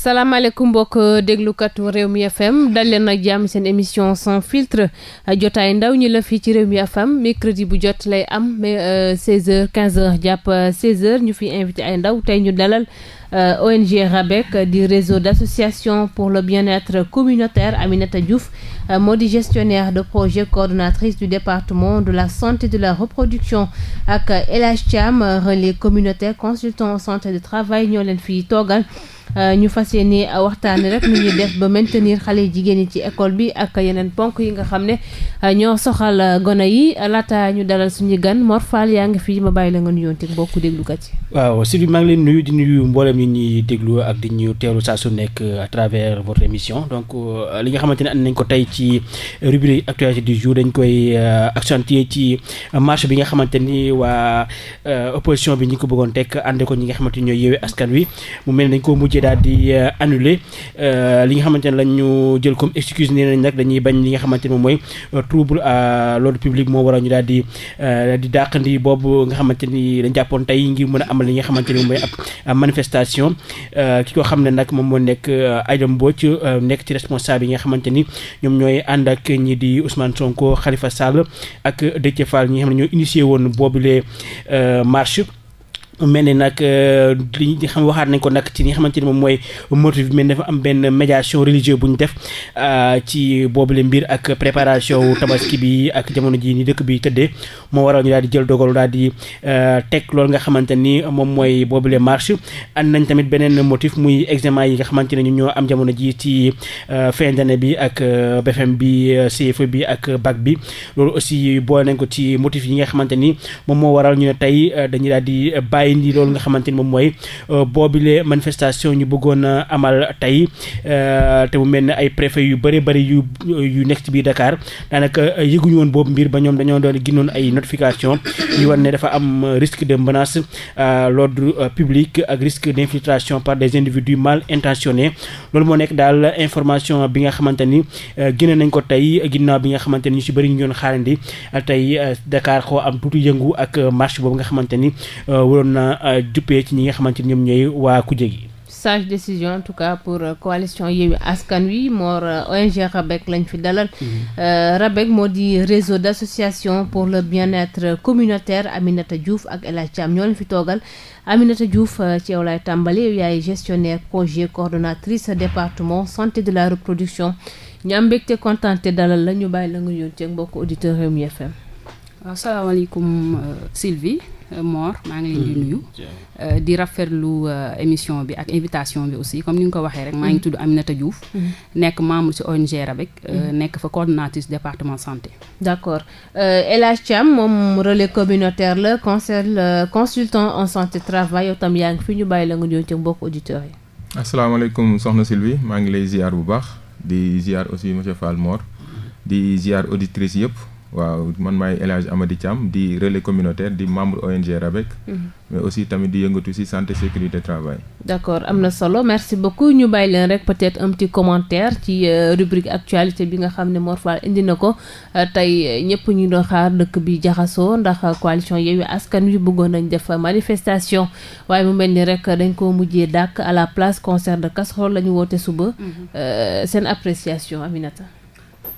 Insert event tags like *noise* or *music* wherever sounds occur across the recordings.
salaamaaleykum mbokk réew mi FM dal leen ak jàmm seen émission sans filtre jot ay ndaw ñi la fii ci réew Rewmi FM crédit bu jot lay am mais 16h euh, 15 jàpp 16 euh, ñu fi invité ay ndaw tey ñu dalal euh, ONG RABEC di réseau d'association pour le bien-être communautaire Aminata Diouf moo di gestionnaire de projet coordonnatrice du département de la santé de la reproduction ak El Hadj Thiam relais communautaire consultant en santé de travail ñoo leen fii toogal. Euh, ñu fas yéene euh, waxtaane rek nu ñuy def ba maintenir xale jigéen ñi ci école bi ak yeneen ponk yi nga xam ne euh, ñoo soxal gone yi laata ñu dalal suñu gan Mor Fall yaa ngi fii ma bàyyi la nga nuyoon teg bokku déglukat yi. waaw Sylvie maa ngi leen nuyu di nuyu mboolem ñi ñuy déglu ak di ñu teelu saa su nekk à travers votre émission donc li nga xamante ne ànd nañ ko tey ci rubrique actualité du jour dañ koy accentuer ci marche bi nga xamante ni waa opposition bi ñu ko bëggoon teg ànd ko ñi nga xamante ni ñooy yeewee askan wi mu koy daal di euh, annulé euh, li nga xamante ne lañ ñu jël comme excuse nee nañ nag dañuy bañ li nga xamante ne moom mooy euh, trouble à l'ordre public moo waral ñu daal di di dàqandi boobu nga xamante ni dañ jàppoon tey ngir mën a amal li nga xamante ni mooy ab manifestation ki ko xam ne nag moom moo nekk Aïda Mbodj nekk ci responsable yi nga xamante ni ñoom ñooy ànd ak ñii di Ousmane Sonko Khalifa Sall ak Déthié Fall ñi nga xam ne ñoo initié woon boobu les marche mel ni nag euh, li xam waxaat nañ ko nag ci ni nga xamante ni moom mooy motif bi mel ni dafa am benn médiation religieuse bu ñu def euh, ci boobule mbir ak préparation tabaski bi ak jamono ji ni dëkk bi tëddee moo waral ñu daal di jël dogal daal di euh, teg loolu nga xamante ni moom mooy boobule marche and nañ tamit beneen motif muy examen yi nga xamante ne ñu ñoo am jamono ji ci fin d'année bi ak BFM bi CFE bi ak bac bi loolu aussi boole nañ ko ci motif yi nga xamante ni moom moo waral ñu tey dañuy daal di bàyyi waaye lii loolu nga xamante ni moom mooy euh, boobile manifestation ñu bëggoon a amal tey euh, te mu mel ne ay préfet yu bëri bëri yu yu nekk ci biir Dakar daanaka euh, yëguñu woon boobu mbir ba ñoom dañoo doon ginnoon ay notification yu war ne dafa am risque de menace à l'ordre public ak risque d'infiltration par des individus mal intentionnés loolu moo nekk daal information bi nga xamante ni génne nañ ko tey ginnaaw bi nga xamante ni ñu si bëri ñu doon xaarandi tey Dakar xoo am tuuti yëngu ak marché boobu nga xamante ni waroon a juppee euh, ci ñi nga xamante ni ñoom ñooy waa kuje gi. sage décision en tout cas pour euh, coalition Yewwi Askan Wi moor euh, ONG RABEC lañ fi dalal mm-hmm. RABEC moo di réseau d'association pour le bien-être communautaire Aminata Diouf ak El Hadj Thiam ñoo leen fi toogal Aminata Diouf ci yow lay tàmbali yaay gestionnaire projet coordonnatrice département santé de la reproduction ñu am mbégte contenté dalal la ñu bàyyi la nga yóon ceeg mbokk auditeur Rewmi FM asalaamaaleykum Sylvie Euh, Mor maa ngi leen di mm-hmm. nuyu. Euh, di rafetlu euh, émission bi ak invitation bi aussi comme ni nga ko waxee rek. maa ngi mm-hmm. tudd Aminata Diouf. Mm-hmm. nekk membre ci ONG RABEC. nekk fa coordonnatrice département santé. d' accord El Hadj moom relais communautaire la conseil consultant en santé travail yow tam yaa ngi fi ñu bàyyi la nga ñëw ci bokk auditeurs yi. asalaamaaleykum soxna Sylvie maa ngi lay ziar bu baax di ziar aussi monsieur Fall Mor di ziar auditrice yëpp. waaw man maay élage Hadj di relais communautaire di membre ONG RABEC. Mhm. mais aussi tamit di yëngatu ci santé sécurité travail. d'accord am na solo merci beaucoup ñu bàyyi leen rek peut-être un petit commentaire ci euh, rubrique actualité bi nga xam ne Mor Fall indi na ko euh, tey euh, ñëpp ñu doon xaar dëkk bi jaxasoo ndax coalition Yewwi Askan Wi bëggoon nañ def manifestation waaye mu mel ni rek dañ ko mujjee dàkk à la place concert de casserole la ñu woote suba. Mhm. seen appréciation Aminata.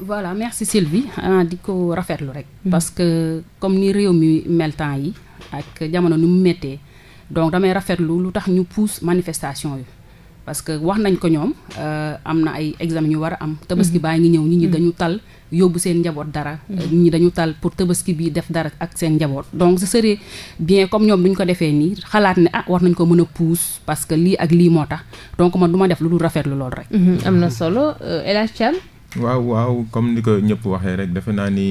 voilà merci Sylvie di ko rafetlu rek. Mm-hmm. parce que comme ni réew mi mel temps yi ak jamono ni mu méttee donc damay rafetlu lu tax ñu pousse manifestation yi. parce que wax nañ ko ñoom euh, am na ay examen yu war a am. tabaski mm-hmm. baa ngi ñëw nit ñi mm-hmm. dañu tal yóbbu seen njaboot dara. ñi dañu tal pour tabaski bii def dara ak seen njaboot. donc ce bien comme ñoom bu ñu ko defee nii xalaat ne ah war nañ ko mën a pousse parce que lii ak lii moo tax donc ma duma def lu dul rafetlu loolu rek. waaw waaw comme :fra ni ko ñëpp waxee rek defe naa ni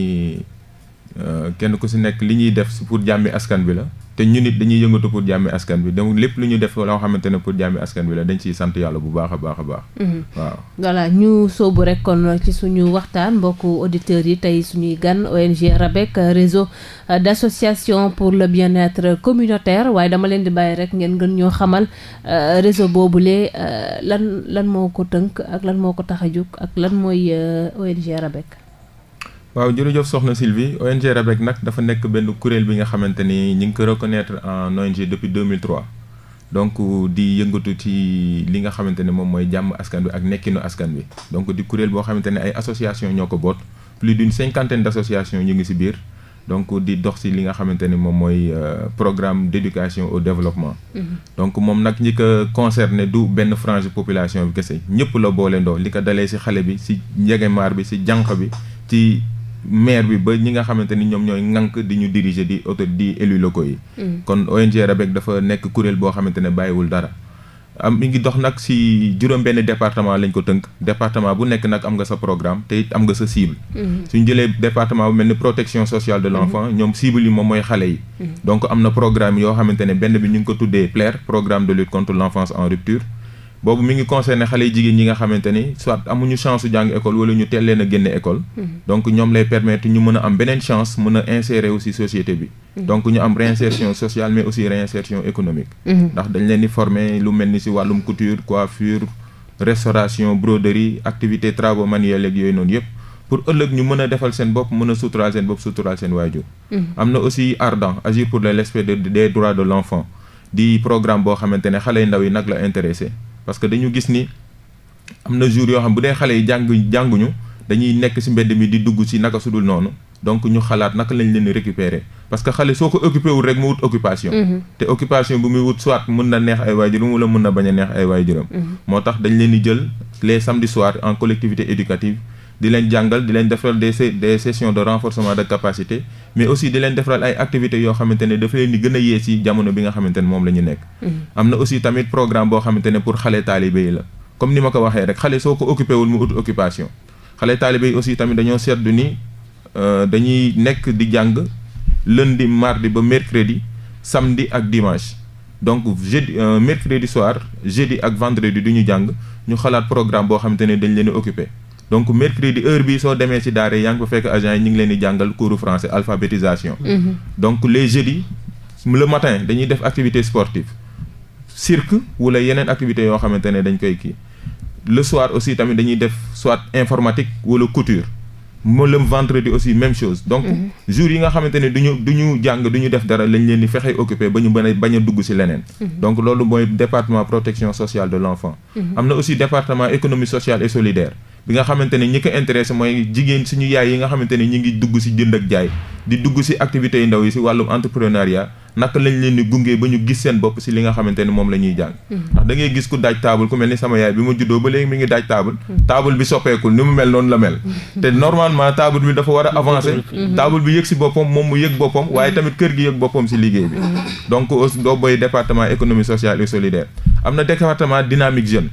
Euh, kenn ku si nekk li ñuy def pour jàmmi askan bi la te ñun it dañuy yëngatu pour jàmmi askan bi donc lépp lu ñu def loo xamante ne pour jàmmi askan bi la dañ ciy sant yàlla bu baax a baax a baax. Mhm. waaw voilà ñu soobu rek kon ci suñu waxtaan mbokku auditeurs yi tey suñuy gan ONG RABEC réseau d' pour le bien-être communautaire waaye dama leen di bàyyi rek ngeen gën ñoo xamal euh, réseau boobule euh, lan lan moo ko tënk ak lan moo ko tax a jóg ak lan mooy ONG RABEC. waaw jërëjëf soxna Sylvie ONG RABEC nag dafa nekk benn kuréel bi nga xamante ni ñu ngi ko reconnaître en ONG depuis 2003 donc di yëngatu ci li nga xamante ne moom mooy jàmm askan bi ak nekkinu askan bi donc di kuréel boo xamante ne ay association ñoo ko boot plus d'une cinquantaine d'associations ñu ngi ci biir donc di dox si li nga xamante ni moom mooy euh, programme d'éducation au développement mm-hmm. donc moom nag ñi ko concerné du benn frange population bi kese ñëpp la boole ndoo li ko dalee si xale bi si njegemaar bi si jànq bi ci maire bi ba ñi nga xamante ni ñoom ñooy ŋànk di ñu diriger di auto di élus locaux yi. Mm. kon ONG RABEC dafa nekk kuréel boo xamante ne bàyyiwul dara. am mu ngi dox nag si juróom-benn département lañ ko tënk département bu nekk nag am nga sa programme te it am nga sa cible. Mm. suñ jëlee département bu mel ni protection sociale de mm. l' ñoom cible yi moom mooy xale yi. donc am na programme yoo xamante ne benn bi ñu ngi ko tuddee PLAIR e programme de lutte contre l' boobu mi ngi concerné xale yu jigéen ñi nga xamante ni soit amuñu chance su jàng école wala ñu teel leen a génne école. Mm-hmm. donc ñoom lay permettre ñu mën a am beneen chance mën a insérer aussi société bi. Mm-hmm. donc ñu am réinsertion sociale mais aussi réinsertion économique. Mm-hmm. ndax dañ leen di former lu mel ni si wàllum couture coiffure restauration broderie activité travaux manuels ak yooyu noonu yëpp. pour ëllëg ñu mën a defal seen bopp mën a suturaal seen bopp suturaal seen waajur. am na aussi Ardan agir pour le respect des droits de l' enfant boo xamante ne xale ndaw yi nag la intéressé. parce que dañu gis ni am na jour yoo xam bu dee xale yi jàng jànguñu dañuy nekk si mbedd mi di dugg si naka su dul noonu donc ñu xalaat naka lañ leen di récupérer parce que xale soo ko occupé wul rek mu wut occupation mm-hmm. te occupation bu muy wut soit mën na neex ay waajuram wala mën na bañ a neex ay jërëm mm-hmm. moo tax dañ leen di jël les samedi soir en collectivité éducative di leen jàngal di leen defaral des des sessions de renforcement de capacité mais aussi di leen defaral ay activités yoo xamante ne dafa leen di gën a yee ci jamono bi nga xamante ne moom la ñu nekk. Mm-hmm. am na aussi tamit programme boo xamante ne pour xale taalibe yi la comme ni ma ko waxee rek xale soo ko occupé wul mu ut occupation xale taalibe yi aussi tamit dañoo seetlu ni euh, dañuy nekk di jàng lundi mardi ba mercredi samedi ak dimanche. donc jeudi euh, mercredi soir jeudi ak vendredi du ñu jàng ñu xalaat programme boo xamante ne dañ leen a occupé donc mercredi heure bi soo demee si daara yaa ngi fa fekk agent yi ñu ngi leen di jàngal cours français alphabétisation. Mhm. donc les jeudis le matin dañuy def activité sportive cirque wala yeneen activités yoo xamante ne dañ koy kii le soir aussi tamit dañuy def soit informatique wala couture. mo le vendredi aussi même chose donc mhm. jour yi nga xamante ne du ñu du ñu jàng du ñu def dara lañ leen di fexe occupé ba ñu bañ bañ a dugg ci leneen mhm. donc loolu mooy département protection sociale de l'enfant am na aussi département économie sociale et solidaire bi nga xamante ne ñi ko intéressé mooy jigéen suñu yaay yi nga xamante ne ñi ngi dugg si jënd ak jaay di dugg si activité yu ndaw yi si wàllum entrepreneuriat naka lañ leen di gunge ba ñu gis seen bopp si li nga xamante ne moom la ñuy jàng mm-hmm. ndax da ngay gis ku daaj taabal ku mel ni sama yaay bi ma juddoo ba léegi mi ngi daaj taabal taabal bi soppeekul ni mu mel noonu la mel mm-hmm. te normalement taabal bi dafa war a avancer mm-hmm. taabal bi yëg si boppam moom mu yëg boppam waaye tamit kër gi yëg boppam si liggéey bi donc aussi doo boy département économie sociale et solidaire am na département dynamique jeune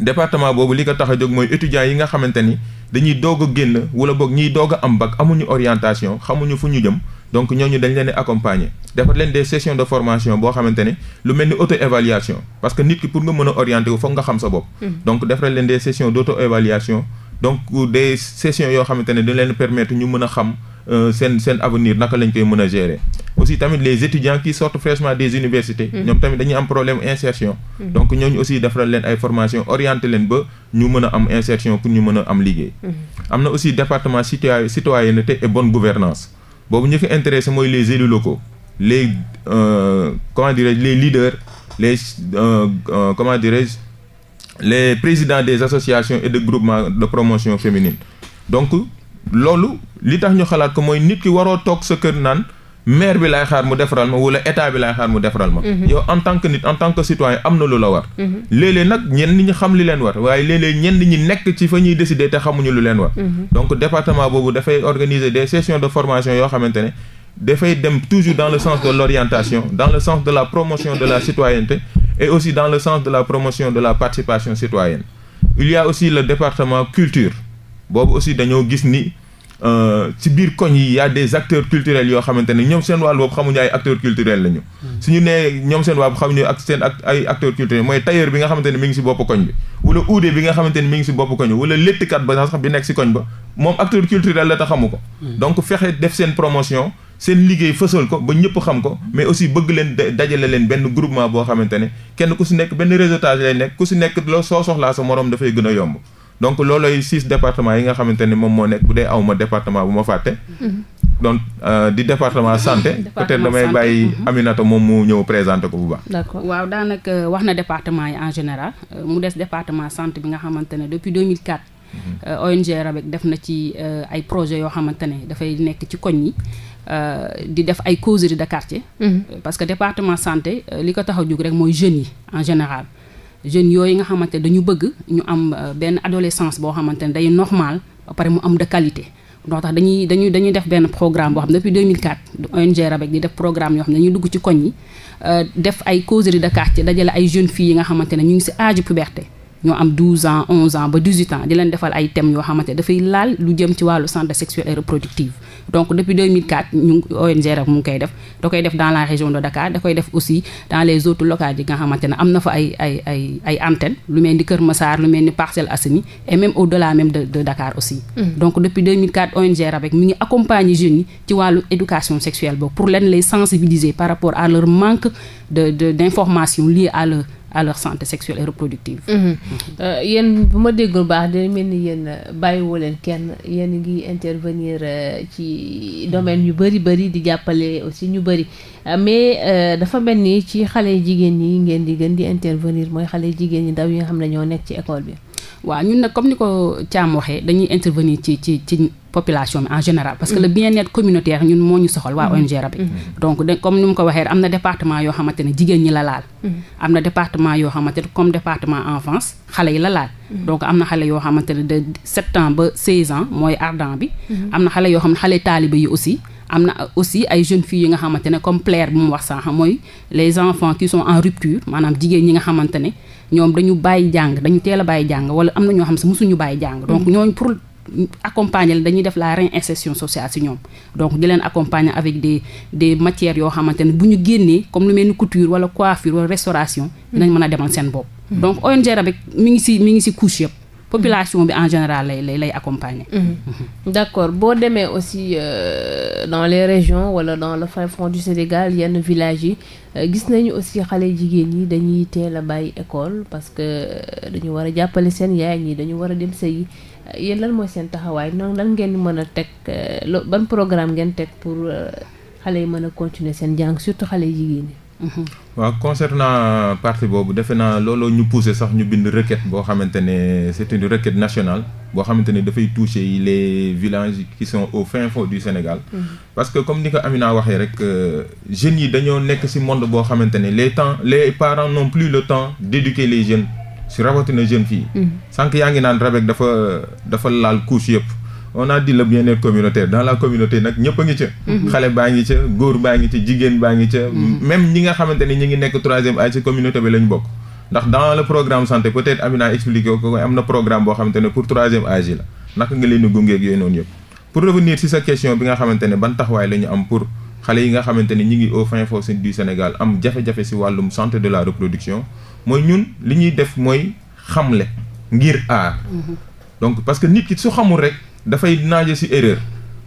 département boobu li ko tax a jóg mooy étudiants yi nga xamante ni dañuy doog a génn wala boog ñiy doog a am bac amuñu orientation xamuñu fu ñu jëm donc ñooñu dañ leen di accompagner defar leen des sessions de formation boo xamante ne lu mel ni auto évaluation parce que nit ki pour nga mën a orienté wu foog nga xam sa bopp. Hmm. donc defar leen des sessions d' auto évaluation donc des sessions yoo xamante ne dañ leen permettre ñu mën a xam. Euh, seen seen avenir naka lañ koy mën a gérer aussi tamit les étudiants qui sortent fraîchement des universités mm-hmm. ñoom tamit dañuy am problème insertion mm-hmm. donc ñooñu aussi defaral leen ay formation orienté leen ba ñu mën a am insertion pour ñu mën a am liggéey mm-hmm. am na aussi département citoyen citoyenneté et bonne gouvernance boobu ñu fi intéressé mooy les élus locaux les euh, comment dirais-je les leaders les euh, euh comment dirais-je les présidents des associations et de groupement de promotion féminine loolu li tax ñu xalaat ko mooy nit ki waroo toog sa kër naan maire bi lay xaar mu defaral ma wala état bi lay xaar mu defaral ma. Mhm. yow en tant que nit en tant que citoyen am na lu la war. Mhm. léeg-léeg nag ñenn ñi xam li leen war waaye léeg-léeg ñenn ñi nekk ci fa ñuy décider te xamuñu lu leen war. Mhm. donc département boobu dafay organiser des sessions de formation yoo xamante ne dafay dem toujours dans le sens de l'orientation dans le sens de la promotion de la citoyenneté et aussi dans le sens de la la participation citoyenne. a aussi le département culture. boobu aussi dañoo gis ni euh, ci biir koñ yi y a des acteurs culturels yoo xamante ne ñoom seen wàll boobu xamuñu ay acteurs culturels lañu. Hmm. ñu nee ñoom seen wàll xamuñu ak seen ak ay acteurs culturels mooy tailleur bi nga xamante ne mi ngi si bopp koñ bi. wala uude bi nga xamante ne mi ngi si bopp koñ bi wala léttkat ba sax bi nekk si koñ ba moom acteur culturel la te xamu ko. Hmm. donc fexe def seen promotion. seen liggéey fësal ko ba ñëpp xam ko mais aussi bëgg leen dajale leen benn groupement boo xamante ne kenn ku si nekk benn réseautage lay nekk ku si nekk loo soo soxlaa sa morom dafay gën a yomb donc loolooy six départements yi nga xamante ne moom moo nekk bu dee aw ma département bu ma fàtte. Mm-hmm. donc euh, di département santé. Mm-hmm. peut-être damay bàyyi mm-hmm. Aminata moom mu ñëw présenter ko bu baax. d'accord waaw daanaka euh, wax na département yi en général euh, mu des département santé bi nga xamante ne depuis 2004. ONG RABEC def na ci ay projets yoo xamante ne dafay nekk ci koñ yi. di def ay causeries de quartier. parce que département santé li ko tax a jóg rek mooy jeunes yi en général. jeunes yooyu nga xamante dañu bëgg ñu am euh, benn adolescence boo xamante ne day normal ba pare mu am de qualité noo tax dañuy dañuy dañuy def benn programme boo xam ne depuis 2004 ONG RABEC di def programme yoo xam ne dañuy dugg ci koñ yi euh, def ay causerie de quartier dajale ay jeunes fii yi nga xamante ne ñu ngi si âge puberté ñoo am 12 ans 11 ans ba 18 ans di leen defal ay thèmes yoo xamante ne dafay laal lu jëm ci wàllu santé sexuelle et reproductive donc depuis 2004 ñu ONG RAV mu ngi koy def da koy def dans la région de Dakar da aussi dans les autres locales yi nga xamante ne am na fa ay ay ay ay antennes lu mel ni Kër Massar lu mel ni Parcelles Assainies et même au delà même de de Dakar aussi. Mm. donc depuis 2004 ONG RAV mi ngi accompagner jeunes yi ci wàllu éducation sexuelle boobu pour leen lay sensibiliser par rapport à leur information liée à à leur santé sexuelle et reproductive. Mm-hmm. Mm-hmm. Euh, yéen bu ma dégg déggul baax de mel ni yéen euh, bàyyiwoo leen kenn yéen ngi intervenir euh, ci domaine yu bëri bëri di jàppale aussi ñu bëri mais dafa mel ni ci xale jigéen ñi ngeen di gën di intervenir mooy xale yi jigéen ñi ndaw yi nga xam ne ñoo nekk ci école bi. waaw ñun nag comme ni ko Thiam waxee dañuy intervenir ci ci ci. population bi en général parce que mm. le bien-être communautaire moo ñu soxal waa mm. ONG Rabik mm. donc comme ni mu ko waxee am ne jigéen ñi la laal am xamante ne comme département enfance xale yi la laal donc am na xale yoo xamante ne de sept ans ba seize ans mooy ardent bi am na xale yoo xam ne xale taaliba yi aussi am na aussi ay jeunes filles yi nga xamante ne comme plaire bu mu wax sànq mooy les enfants qui sont en rupture maanaam jigéen ñi nga xamante ne ñoom dañu bàyyi jàng dañu teel a bàyyi jàng wala am na ñoo xam ne sax musuñu bàyyi jàng donc accompagner leen dañuy def la réinsertion sociale si ñoom donc di leen accompagner avec des des matières yoo xamante ne bu ñu génnee comme lu mel ni couture wala coiffure wala restauration dinañ mën a demal seen bopp hmm. donc ONG Rabek mi ngi si mi ngi si couche yëpp population bi en général lay lay lay accompagner. Hmm. Hmm. d'accord boo demee aussi euh, dans les régions wala dans le fin fond du Sénégal yenn villages yi euh, gis nañu aussi xale jigéen ñi dañuy teel a bàyyi école parce que euh, dañu war a jàppale seen yaay ñi dañu war a dem sëyi yéen lan mooy seen taxawaay noonu lan ngeen mën a teg euh, ban programme ngeen teg pour euh, xale yi mën a continuer seen jàng surtout xale jigéen ñi. Mmh. waaw concernant euh, partie boobu defe naa looloo ñu poussé sax ñu bind requête boo xamante ne c'est une requête nationale boo xamante ne dafay toucher les villages qui sont au fin fond du Sénégal. Mmh. parce que comme ni ko Amina waxee rek jeunes yi dañoo nekk ci monde boo xamante ne les temps les parents n'ont plus le temps d'éduquer les jeunes. si rawatina jeune fille. Mm. sànq yaa ngi naan Rabec dafa dafa laal couche yëpp. on a dit le bien communautaire dans la communauté nag ñëpp ngi ca. Mm-hmm. xale baa ngi ca góor baa ngi ca jigéen baa ngi ca. Mm-hmm. même ñi nga xamante ni ñu ngi nekk troisième âge ci communauté bi lañ bokk. ndax dans le programme santé peut-être Amina expliqué ko am na programme boo xamante ne pour troisième âge yi la naka nga leen di gungeeg yooyu noonu yëpp. pour revenir si sa question bi nga xamante ne ban taxawaay am pour. xale yi nga xamante ni ñu ngi au fin fond du Sénégal am jafe-jafe si wàllum santé de la reproduction mooy ñun li ñuy def mooy xamle ngir aar. Mm-hmm. donc parce que nit ki su xamul rek dafay naaje si erreur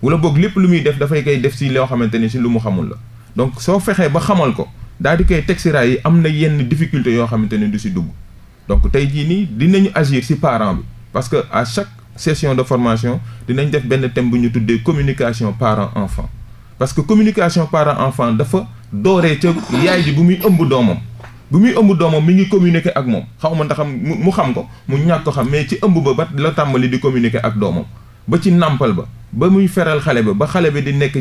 wala boog lépp lu muy def dafay koy def si loo xamante ni si lu mu xamul la donc soo fexee ba xamal ko daal di koy teg si raay yi am na yenn difficulté yoo xamante ni du si dugg donc tey jii nii dinañu agir si parent bi parce que à chaque session de formation dinañ def benn thème bu ñu tuddee communication parent enfant. parce que communication parent enfant dafa dooree ca yaay ji bu muy ëmb doomam bu muy ëmb doomam mi ngi communiquer ak moom xaw ma ndax mu mu xam ko mu ñàkk ko xam mais ci ëmb ba ba la tàmbali di communiquer ak doomam ba ci nàmpal ba ba muy feral xale ba ba xale bi di nekk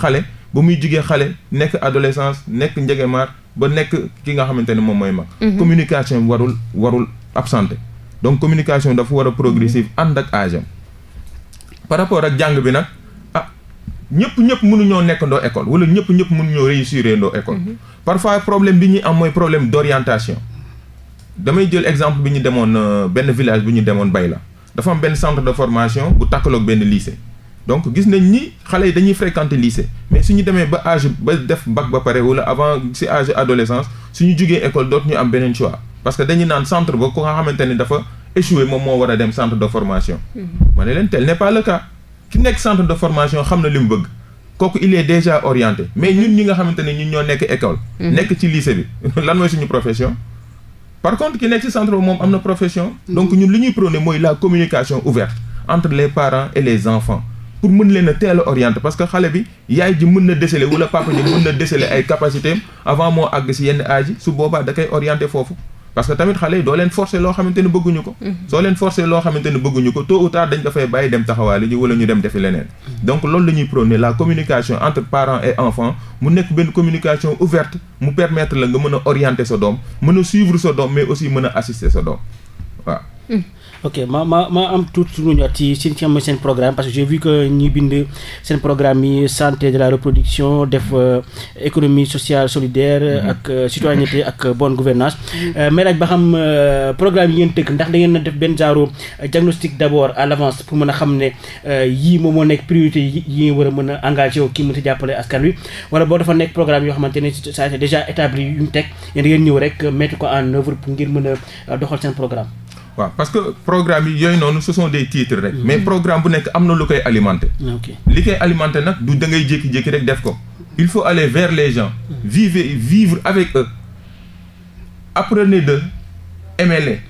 xale ba muy jugee xale nekk adolescence nekk njegemaar ba nekk ki nga xamante ne moom mooy mag mhm. communication warul warul absenté donc communication dafa war a progressive ànd ak âge rapport ak jàng bi nag ñëpp ñëpp nekk nekkandoo école wala ñëpp ñëpp mënuñoo réussir ndoo école. Mhm. parfois problème bi ñuy am mooy problème d'orientation. damay jël exemple bi ñu demoon euh, benn village bi ñu demoon bay la dafa am benn centre de formation bu takkaloog benn lycée. donc gis nañ ni xale yi dañuy fréquenter lycée mais suñu demee ba âge ba def bac ba pare wala avant si âge adolescence suñu jugee école dootu ñu am beneen choix parce que dañu naan centre ba ku nga xamante ni dafa échoué moom moo war a dem centre de formation. Mhm. ki nekk centre de formation xam na li mu bëgg kooku il est déjà orienté mais ñun ñi nga xamante ne ñun ñoo nekk école. Mhm. nekk ci liise bi *laughs* lan mooy suñu profession. par contre ki nekk ci centre moom am na profession. Mhm. donc ñun li ñuy prôné mooy la communication ouverte entre les parents et les enfants. pour mën leen a teel a parce que xale bi yaay ji mën na décelé wala papa ji mën na déceler ay capacité avant moo àgg si yenn âge su boobaa da koy orienté foofu. parce que tamit xale yi doo leen forcer loo xamante ne bëgguñu ko mhm. soo leen forcer loo xamante ni bëgguñu ko tôt ou tard dañ ko fay bàyyi dem taxawaale ji wala ñu dem defi leneen mhm. donc loolu la ñuy prôner la communication entre parents et enfants mu nekk benn communication ouverte mu permetre la nga mën a orienter sa doom mën a suivre sa doom mais aussi mën a assister sa doom waaw mhm. ok ma ma ma am tuuti lu ñëwaat ci ci ci am seen programme parce que j'ai vu que ñi bind seen programme yi santé de la reproduction def euh, économie sociale solidaire mhm. ak euh, citoyenneté ak euh, bonne gouvernance mhm. mais laaj ba xam programme yi ngeen tëgg ndax da ngeen na def benn genre diagnostic d'abord à l'avance pour mën a xam ne yii moom moo nekk priorité yi war a mën a engagé wu kii mën a jàppale askan wi wala boo dafa nekk programme yoo xamante ne ça c'est déjà établi yu ñu teg yéen da ngeen ñëw rek mettre ko en œuvre pour ngir mën a doxal seen programme waaw parce que programme yi yooyu noonu ce sont des titres rek. Mm-hmm. mais programme bu nekk am na lu koy alimenter. li koy alimenter nag du dangay jékki-jékki rek def ko. il faut aller vers les gens. Mm-hmm. vivre vivre avec eux. apprenez d'eux, mm-hmm.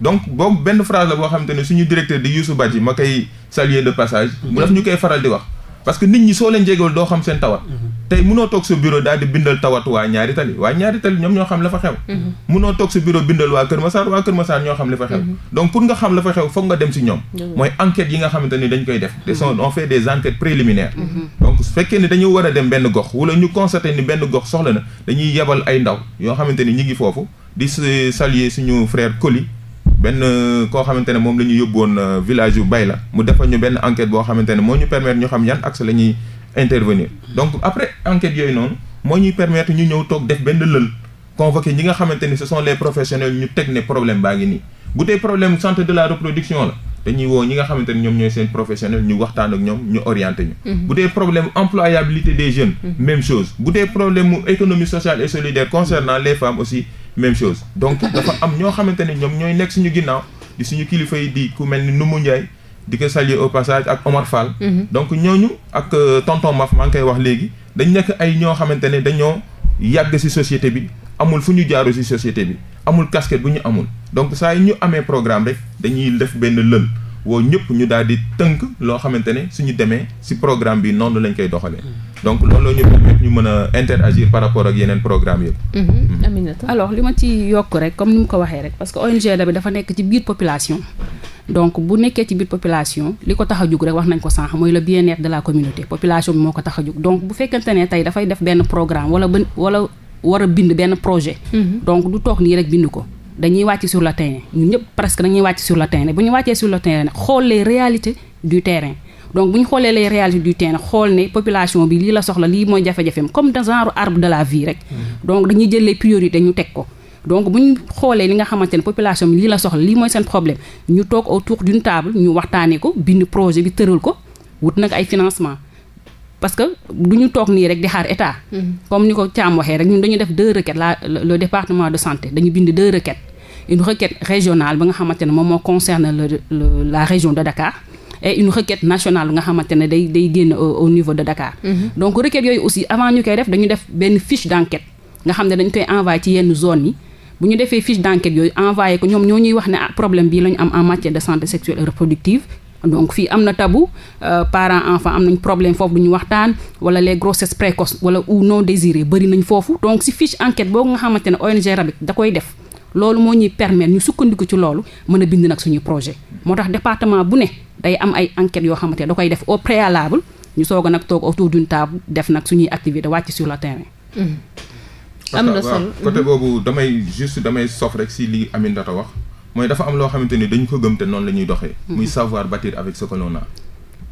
donc boobu benn phrase la boo xamante ne suñu directeur di Youssou Badji ma koy saluer de passage. mu daf ñu koy faral di wax. parce que nit ñi soo leen jegewul doo xam seen tawat mhm. tey munoo toog sa bureau daal di bindal tawat waa ñaari tali waa ñaari tali ñoom ñoo xam la fa xew mhm. munoo toog sa bureau bindal waa Kër Massar waa Kër Massar ñoo xam la fa xew mhm. donc pour nga xam la fa xew foog nga dem si ñoom mooy enquêtes yi nga xamante ni dañ koy def des enquêtes préliminaires donc fekkee ni dañu war a dem benn gox wala ñu constaté ni benn gox soxla na dañuy yebal ay ndaw yoo xamante ni ñi ngi foofu di saluer benn koo xamante ne moom la ñu yóbboon euh, village yu bay la mu defal ñu benn enquête boo xamante ne moo ñu permettre ñu xam yan axe la ñuy intervenir donc après enquête yooyu noonu moo ñuy permettre ñu ñëw toog def benn lël convoqué ñi nga xamante ni ce sont les professionnels ñu teg ne problème baa ngi nii bu dee problème santé de la reproduction la dañuy woo ñi nga xamante ne ñoom ñooy seen professionnel ñu waxtaan ak ñoom ñu orienté ñu mm-hmm. bu dee problème employabilité des jeunes mm-hmm. même chose bu dee problème économie sociale et solidaire concernant les femmes aussi même chose donc dafa am ñoo xamante ne ñoom ñooy nekk suñu ginnaaw di suñu kilifa yi di ku mel ni nu mu Ndiaye di ko saluer au passage ak Omar Fall. Mhm. donc ñooñu ak euh, tonton Maf maa ngi koy wax léegi dañ nekk ay ñoo xamante ne dañoo yàgg ci société bi amul fu ñu jaaru ci société bi amul casquette bu ñu amul donc saa yi ñu amee programme rek dañuy def benn lël. woo ñëpp ñu daal di tënk loo xamante ne suñu demee si programme bi noonu lañ koy doxalee. Mm-hmm. donc loolu ñu permettre ñu mën a interagir par rapport ak yeneen programme yëpp. Mm-hmm. Mm-hmm. Aminata li ma ci yokk rek comme ni mu ko waxee rek parce que ONG la bi dafa nekk ci biir population. donc bu nekkee ci biir population li ko tax a jug rek wax nañ ko sànq mooy le bien-être de la communauté population bi moo ko tax a jug donc bu fekkente ne tey dafay def benn programme wala benn wala war a bind benn projet. donc du toog nii rek bind ko. dañuy wàcc sur le terrain ñun ñëpp presque dañuy wàcc sur le terrain bu ñu wàccee sur le terrain nag xool les réalités du terrain donc bu ñu xoolee les réalités du terrain xool ne population bi lii la soxla lii mooy jafe-jafeem comme dans genre la vie rek mm-hmm. donc dañuy jël les priorités teg ko donc bu ñu xoolee li nga xamante ne population bi la soxla lii mooy seen problème ñu toog autour d'une table ñu waxtaanee ko bind projet bi tëral ko wut nag ay financement parce que du ñu toog nii rek di xaar état. Mm-hmm. comme ni ko Thiam waxee rek ñun dañu def deux requêtes la le département de santé dañu bind deux requêtes. une requête régionale ba nga xamante ne moom moo concerne le, le la région de Dakar et une requête nationale nga xamante ne day day génn au niveau de Dakar. Mm donc requête yooyu aussi avant ñu koy def dañu def benn fiche d' enquête nga xam ne dañu koy envoyé ci yenn zone yi bu ñu defee fiche d' yooyu envoyé ko ñoom ñoo ñuy wax ne ah, problème bii la ñu am en matière de santé sexuelle et reproductive. donc fii am na tabou euh, parents enfants am nañ problème foofu ñu waxtaan wala les grossesses wala ou non désirées bëri nañ foofu donc si fiche enquête boobu nga xamante ne ONG Rabik da koy def. loolu moo ñuy permettre ñu sukkandiku ci loolu mën a bind nag suñu projet moo tax département bu ne day am ay enquêtes yoo xamante ne da koy def au préalable ñu soog a nag toog autour d'une table def nag suñuy activité wàcc sur le terrain am na solo côté boobu damay juste damay sof rek si li Aminata wax mooy dafa am loo xamante ni dañu ko gëm te noonu la ñuy doxee mm-hmm. muy savoir bâtir avec ce que l'on a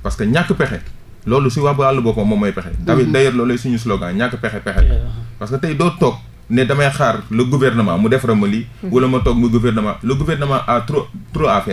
parce que ñàkk pexe loolu si wàllu boppam moom mooy pexe mm-hmm. d'ailleurs loolu suñu slogan ñàkk pexe pexe parce que tey doo toog ne damay xaar le gouvernement mu defaral ma lii. wala ma toog mu gouvernement le gouvernement a trop trop à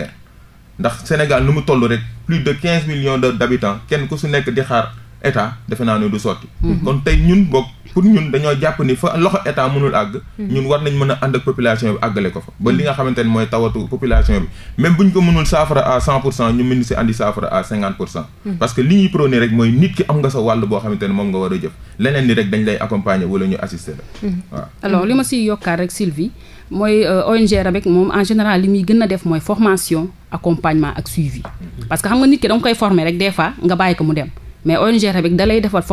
ndax Sénégal lu mu toll rek plus de quinze millions d'habitants kenn ku su nekk di xaar état defe naa ne du sotti. Mm-hmm. kon tey ñun bokk. pour ñun dañoo jàpp ni fa loxo état mënul àgg hmm. ñun war nañ mën a ànd ak population bi àggale ko fa ba li nga xamante ne mooy tawatu population bi même buñ ko mënul saafara à cent pour cent ñu mën si hmm. que li ñuy prôné rek mooy nit ki am nga sa wàll boo xamante ne moom nga war a jëf leneen ni rek dañ lay accompagner wala ñu assister la hmm. waaw alors li ma si yokkaat rek Sylvie mooy euh, ONG Rabec moom en général li muy gën a def mooy formation accompagnement ak suivi parce que xam nga nit ki da koy former rek des fois nga bàyyi ko mu dem mais ONG Rabec da lay defal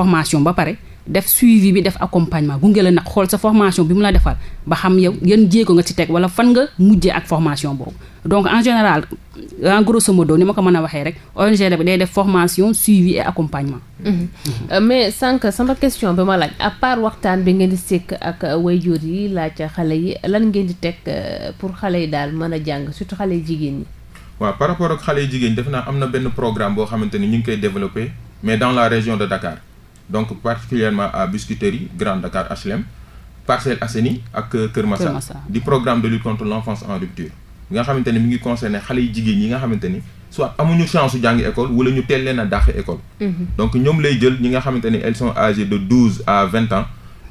ba pare def suivi bi def accompagnement gunge la nag xool sa formation bi mu la defal ba xam yow yan jéego nga ci teg wala fan nga mujjee ak formation boobu donc en général en sama modo ni ma ko mën a waxee rek ONG bi day def formation suivi accompagnement. Mm -hmm. mais sànq sama question bi ma laaj à par waxtaan bi ngeen di sekk ak wayjur yi laaj xale yi lan ngeen di teg euh, pour xale yi daal mën a jàng surtout xale yi jigéen ñi. waaw par rapport ak xale yi jigéen ñi boo xamante ni ñu ngi koy développé mais dans la région de Dakar. donc particulièrement à Biscuiterie Grand Dakar HLM Parcelles Assainies ak Kër Massar di programme de lutte contre l'enfance en rupture nga xamante ne mi ngi concerné xale yu jigéen ñi nga xamante ni soit amuñu chance su jàngi école wala ñu teel leen a dàq école mhm. donc ñoom lay jël ñi nga xamante ni elles son âgées de douze à vingt ans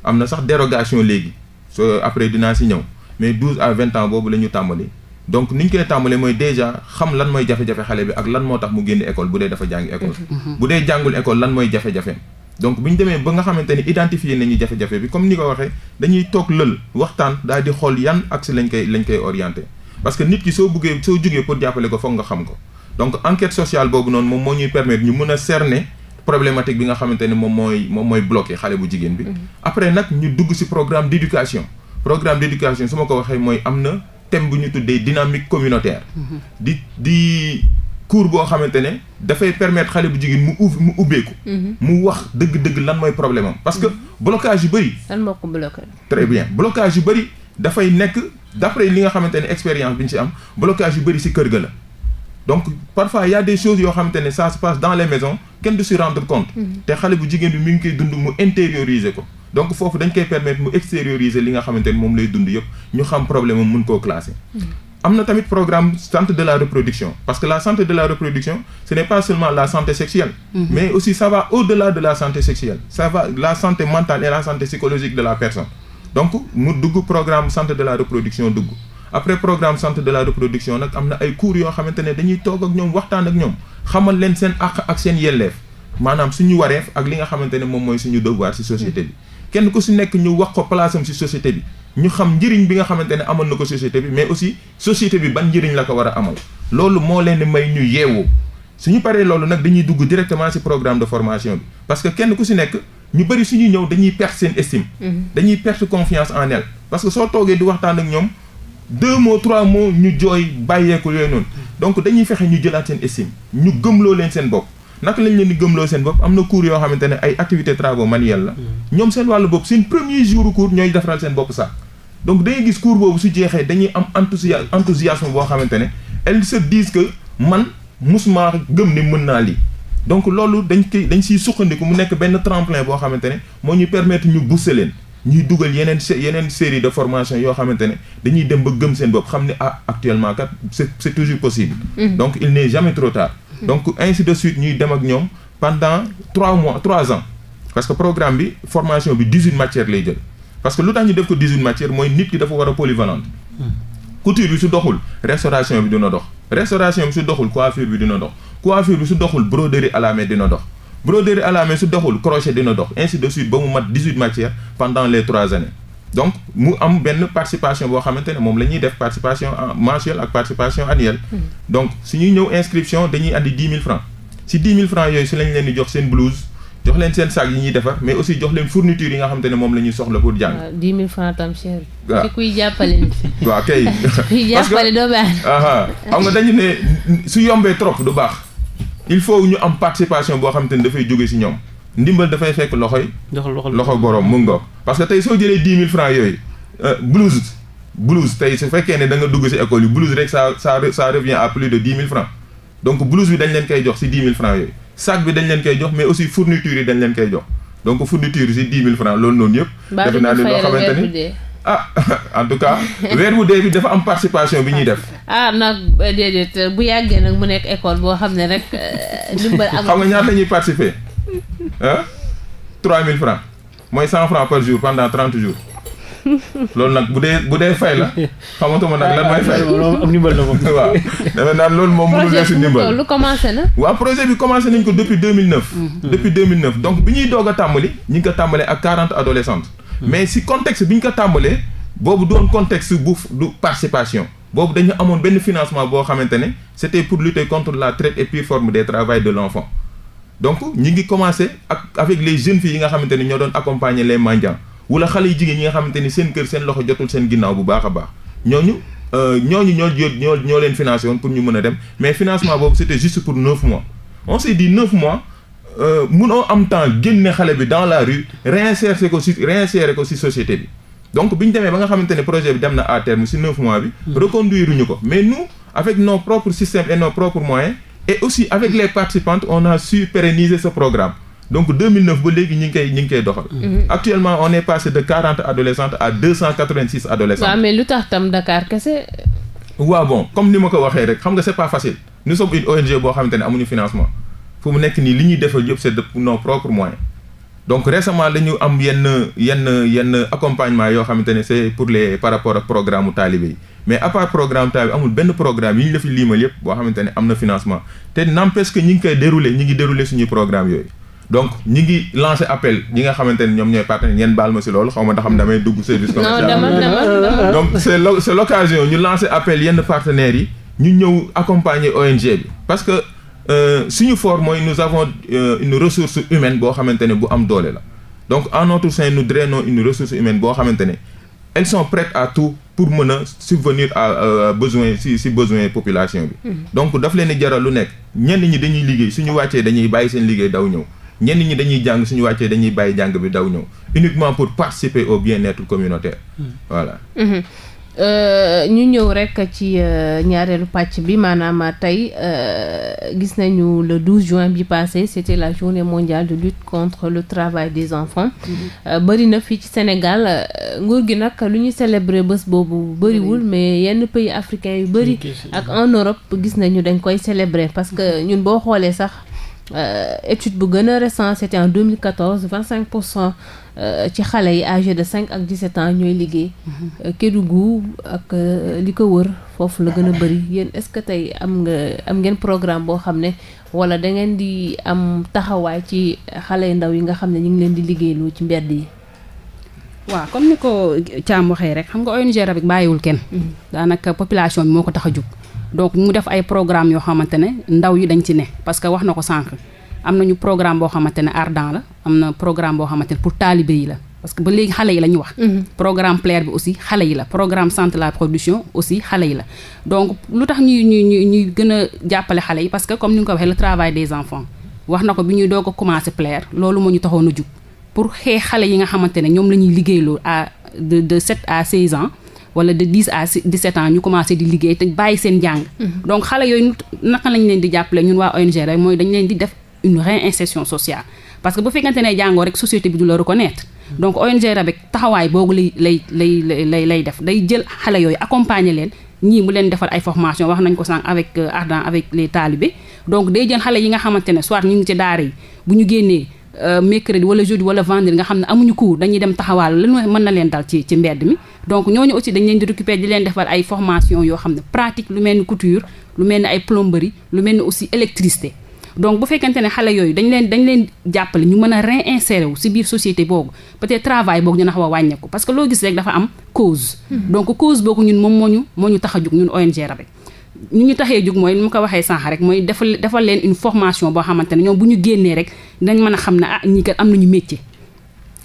am na sax dérogation léegi so après dinaa si ñëw mais douze à vingt ans boobu la ñu tàmbali donc ni ñu koy tàmbalee mooy déjà xam lan mooy jafe xale bi ak lan moo tax mu génn école bu dee dafa jàngi école mhm. bu dee jàngul école mooy jafe donc bu ñu demee ba nga xamante ni identifier nañu jafe-jafe bi comme ni ko waxee dañuy toog lël waxtaan daal di xool yan axe lañ koy lañ koy orienté parce que nit ki soo buggee soo jugee pour jàppale ko foog nga xam ko donc enquête sociale boobu noonu moom moo ñuy permettre ñu mën a cerner problématique bi nga xamante ne moom mooy moom mooy bloqué xale bu jigéen bi. Mm-hmm. après nag ñu dugg si programme d'éducation programme d'éducation su ma ko waxee mooy am na thème bu ñu tuddee dynamique communautaire. Mm-hmm. di di. cours boo xamante ne dafay permettre xale bu jigéen mu uuf mu ubbeeku. Mhm. mu wax dëgg-dëgg lan mooy problème am. parce que mhm. blocage yu bëri. lan moo ko bloqué. très bien blocage yu bëri dafay nekk d'après li nga xamante ne expérience bi ñu si am blocage yu bëri si kër ga la. donc parfois y a des choses yoo xamante ne sa se passe dans les maisons kenn du si rendre compte. Mhm. te xale bu jigéen bi mi ngi koy dund mu intérioriser ko. donc foofu dañ koy permettre mu extérioriser li nga xamante ne moom lay dund yëpp ñu xam problème mun koo am na tamit programme santé de la reproduction parce que la santé de la reproduction ce n'est pas seulement la santé sexuelle mm -hmm. mais aussi ça va au-delà de la santé sexuelle ça va la santé mentale et la santé psychologique de la personne donc mu dugg programme santé de la reproduction dugg après programme santé de la reproduction nag am na ay cours yoo xamante ne dañuy toog ak ñoom waxtaan ak ñoom xamal leen seen àq ak seen yelleef maanaam suñu wareef ak li nga xamante ne moom mooy suñu devoir ci société bi mm-hmm. kenn ku ci nekk ñu wax ko place am société bi ñu xam njëriñ bi nga xamante ne amal na ko société bi mais aussi société bi ban njëriñ la ko war a amal loolu moo leen di may ñu yeewu suñu paree loolu nag dañuy dugg directement ci programme de formation bi parce que kenn ku ci nekk ñu bëri suñu ñëw dañuy perte seen estime mhm. dañuy perte confiance en elle parce que soo toogee di waxtaan ak ñoom deux mots trois mots ñu jooy bàyyeeku yooyu noonu donc dañuy fexe ñu jëlaat seen estime ñu gëmloo leen seen bopp naka lañ leen di gëmloo seen bopp am na cours yoo xamante ne activité travaux manuels mhm. ñoom seen wàllu bopp seen premier jour cours ñooy defaral seen bopp sax donc da gis cours boobu su jeexee dañuy am enthousia enthousiasme boo xamante ne elles se disent man musuma gëm ni mën naa lii donc loolu dañ koy dañ siy sukkandiku mu nekk benn tremplin boo xamante ne moo ñu permettre ñu booster leen ñuy dugal yeneen yeneen série de formation yoo xamante ne dañuy dem ba gëm seen bopp xam ne ah actuellement kat c'est c'est toujours possible. Mm. donc il n'est jamais trop tard. Mm. donc ainsi de suite ñuy dem ak ñoom pendant trois mois trois ans parce que programme bi formation bi dix-huit matières lay jël. parce que lu tax ñu def ko 18 matières mooy nit ki dafa war a polyvalente hmm. couture bi su doxul restauration bi dina dox restauration bi su doxul coiffure bi dina dox coiffure bi su doxul broderie à la main dina dox broderie à la main su doxul crochet dina dox ainsi de suite ba mu mat 18 matières pendant les trois années donc mu am benn participation boo xamante ne moom la ñuy def participation mensuelle ak participation annuelle hmm. donc su ñuy ñëw inscription dañuy andi 10 000 leen di jox seen blouse jox leen seen saag yi ñuy defar mais aussi jox leen fourniture yi nga xam te ne moom la ñuy soxla pour jàng. waaw dix mille francs tam cher. kuy jàppale. *laughs* waaw kay. *laughs* kuy jàppale doo baax. *laughs* xam nga dañu ne su yombee trop du baax il faut ñu am participation boo xam te ne dafay jóge si ñoom ndimbal dafay fekk loxo loxoy. loxo borom mu nga parce que tey soo jëlee dix mille francs yooyu euh, blouse blouse tey su fekkee ne danga nga dugg si école yi blouse rek ça ça ça revient à plus de dix mille francs donc blouse leen koy jox si dix mille francs sac bi dañ leen koy jox mais aussi fourniture yi dañ leen koy jox donc fourniture yi si dix mille francs loolu noonu yëpp defe naa ne loo xamante ni ah *laughs* en tout cas weer bu dee bi dafa am participation bi ñuy def. ah nag euh, euh, bu yàggee nag mu nekk école boo xam ne rek. ndimbal euh, *laughs* am xam nga ñaata ñuy participer ah 3000 francs mooy 100 francs par jour pendant 30 jours. loolu nag bu dee bu dee fay la xamatuma nag lan may fay am ndimbal la moom waaw defe naa loolu moom mënul nekk ndimbal lu commencé na waaw projet bi commencé nañ ko depuis 2009 mhm. mhm. depuis 2009 donc bi ñuy doog a tàmbali ñi ngi ko tàmbalee ak 40 adolescentes mhm. mais si contexte bi ñu ko tàmbalee boobu doon contexte bu du participation boobu dañu amoon benn financement boo xamante ne c'était pour lutter contre la traite et pire forme des travail de l'enfant donc ak avec les jeunes yi nga xamante ne ñoo doon accompagner les mendiants wala xale yu jigéen ñi nga xamante ni seen kër seen loxo jotul seen ginnaaw bu baax a baax ñooñu euh, ñooñu ñoo ñoo ñoo leen financé woon pour ñu mën a dem mais financement boobu c'était juste pour neuf mois on s'est dit neuf mois euh, mënoo am temps génne xale bi dans la rue réinsérer ko si réinsérer ko si société bi donc bi ñu demee ba nga xamante ne projet bi dem na à terme si neuf mois bi hmm. reconduire ñu ko mais nous avec non propres systèmes et nos propres moyens et aussi avec les on a su pérenniser ce programme donc 2009 ba léegi ñi ngi koy ñi ngi koy doxal. Mm-hmm. Mm-hmm. actuellement on est passé de 40 adolescentes à 286 adolescentes. waaw mais lu tax tam Dakar kese. waaw bon comme ni ma ko waxee rek xam nga c'est pas facile nous sommes une ONG boo xamante ne amuñu financement fu mu nekk nii li ñuy defal yëpp c'est de nos propres moyens. donc récemment la ñu am yenn yenn yenn accompagnement yoo xamante ne c'est pour les par rapport ak programme mu taalibe yi mais à part programme taalibe amul benn programme yi ñu la fi xamante ne am na financement te n'empêche que ñi ngi koy dérouler ñi ngi dérouler suñuy programme yooyu. donc ñu ngi lancé appel ñi nga xamante ne ñoom ñooy partenaires ngeen baal ma si loolu xaw ma ndax xam damay dugg service commercial donc c'est c'est l'occasion ñu lancé appel yenn partenaires yi ñu ñëw accompagner ONG bi parce que euh, suñu fort mooy nous avons euh, une ressource humaine boo xamante ne bu am doole la donc en notre sein nous drainons une ressource humaine boo xamante ne elles sont prêtes à tout pour mën a subvenir à besoin si si besoin population bi hmm. donc daf leen di jaral lu nekk ñenn ñi dañuy liggéey suñu wàccee dañuy bàyyi seen liggéey daw ñëw ñenn ñi dañuy jàng suñu wàccee dañuy bàyyi jàng bi daw ñëw uniquement pour participer au bien-être communautaire hmm. voilà hmm. Euh, ñu ñëw rek ci euh, ñaareelu pàcc bi maanaam tey euh, gis nañu le 12 juin bi passé c'était la journée mondiale de lutte contre le travail des enfants hmm. bëri na fii ci Sénégal nguur gi nag lu ñu célébrer bés boobu bëriwul mais yenn pays africains yu bëri ak en Europe gis nañu dañ koy célébrer parce que ñun boo xoolee sax Euh, étude bu gën a récent c' était en 2014 25 pour cent euh, ci xale yi âgé de cinq ak 17 ans ñooy liggéey. Euh, Kédougou ak li ko wër foofu la gën a bëri yéen est ce que tey am nga am ngeen programme boo xam ne wala da ngeen di am taxawaay ci xale yu ndaw yi nga xam ne ñu ngi leen di liggéeyloo ci mbedd yi. waaw comme ni ko Thiam waxee rek xam nga ONG Rabik bàyyiwul kenn. Mm-hmm. daanaka population bi moo ko tax a jóg. donc mu def ay programme yoo xamante ne ndaw yi dañ ci ne parce que wax na ko sànq am nañu programme boo xamante ne Ardan la am na programme boo xamante ne pour taalibe yi la parce que ba léegi xale yi lañu wax mhm. programme plaire bi aussi xale yi la programme centre la production aussi xale yi la donc lu tax ñuy ñuy ñu ñuy gën a jàppale xale yi parce que comme ni nga ko waxee le travail des enfants wax na ko bi ñuy doog ko commencé plaire loolu moo ñu taxoon a jug pour xee xale yi nga ne ñoom la ñuy liggéeyloo à de à seize ans wala de dix à dix-sept ans ñu commencé di liggéey te bàyyi seen njàng. Mhm. donc xale yooyu naka lañ leen di jàppale ñun waa ONG rek mooy dañ leen di def une réinsertion sociale parce que bu fekkante ne jàngoo rek société bi du la reconnaître mhm. donc ONG Rabec taxawaay boobu lay lay lay lay lay def day jël xale yooyu accompagner leen ñii mu leen defal ay formation wax nañ ko sànq avec euh, Ardan avec les talibés donc day jël xale yi nga xamante ne soit ñu ngi ci daara yi Euh, mercredi wala jeudi wala vendredi nga xam ne amuñu cours dañuy dem taxawaal lan mooy mën na leen dal ci ci mbedd mi donc ñooñu aussi dañ leen di récupérer di leen defal ay formation yoo xam ne pratique lu mel ni couture lu mel ni ay plomberie lu mel ni aussi électricité donc bu fekkente ne xale yooyu dañ leen dañ leen jàppale ñu mën a réinsérer wu si biir société boobu peut-être travail boobu dina xaw a wàññeeku parce que loo gis rek dafa am cause hmm. donc cause boobu ñun moom moo ñu moo ñu tax a jug ñun ONG ñu ñu taxee jug mooy ni mu ko waxee sànq rek mooy defal defal leen une formation boo xamante ne ñoom bu ñu génnee rek dañ mën a xam ne ah ñii kat am ñu métier.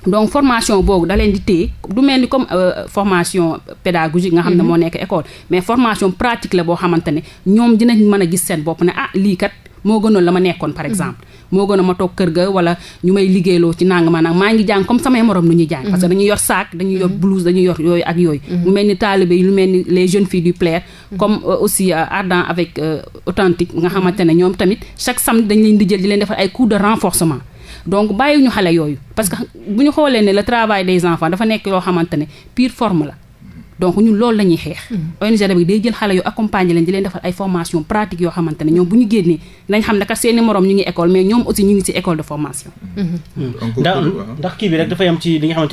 donc formation boobu da leen di téye du mel ni comme euh, formation pédagogique nga xam ne mhm. moo nekk école mais formation pratique la boo xamante ne ñoom dinañ mën a gis seen bopp ne ah lii kat. moo gënoon la ma nekkoon par mm-hmm. exemple moo gënoon ma toog kër ga wala ñu may liggéeyloo ci nangama nag maa ngi jàng comme samay morom nu ñuy jàng parce que mm-hmm. dañuy yor saak dañuy yor mm-hmm. blouse dañuy yor yooyu ak yooyu mu mel ni taalibe yi mel ni les jeune filles du plaire comme euh, aussi euh, ardent avec euh, authentique nga xamante ne ñoom tamit chaque samedi dañ leen di jël di leen defal ay cours de renforcement donc bàyyi ñu xale yooyu parce que bu ñu xoolee ne le travail des enfants nekk yoo xamante ne pure forme la donc ñun loolu la xeex mm-hmm. ONG Jada bi day jël xale yu accompagner leen di leen ay formation pratique yoo xamante mm-hmm. Mm-hmm.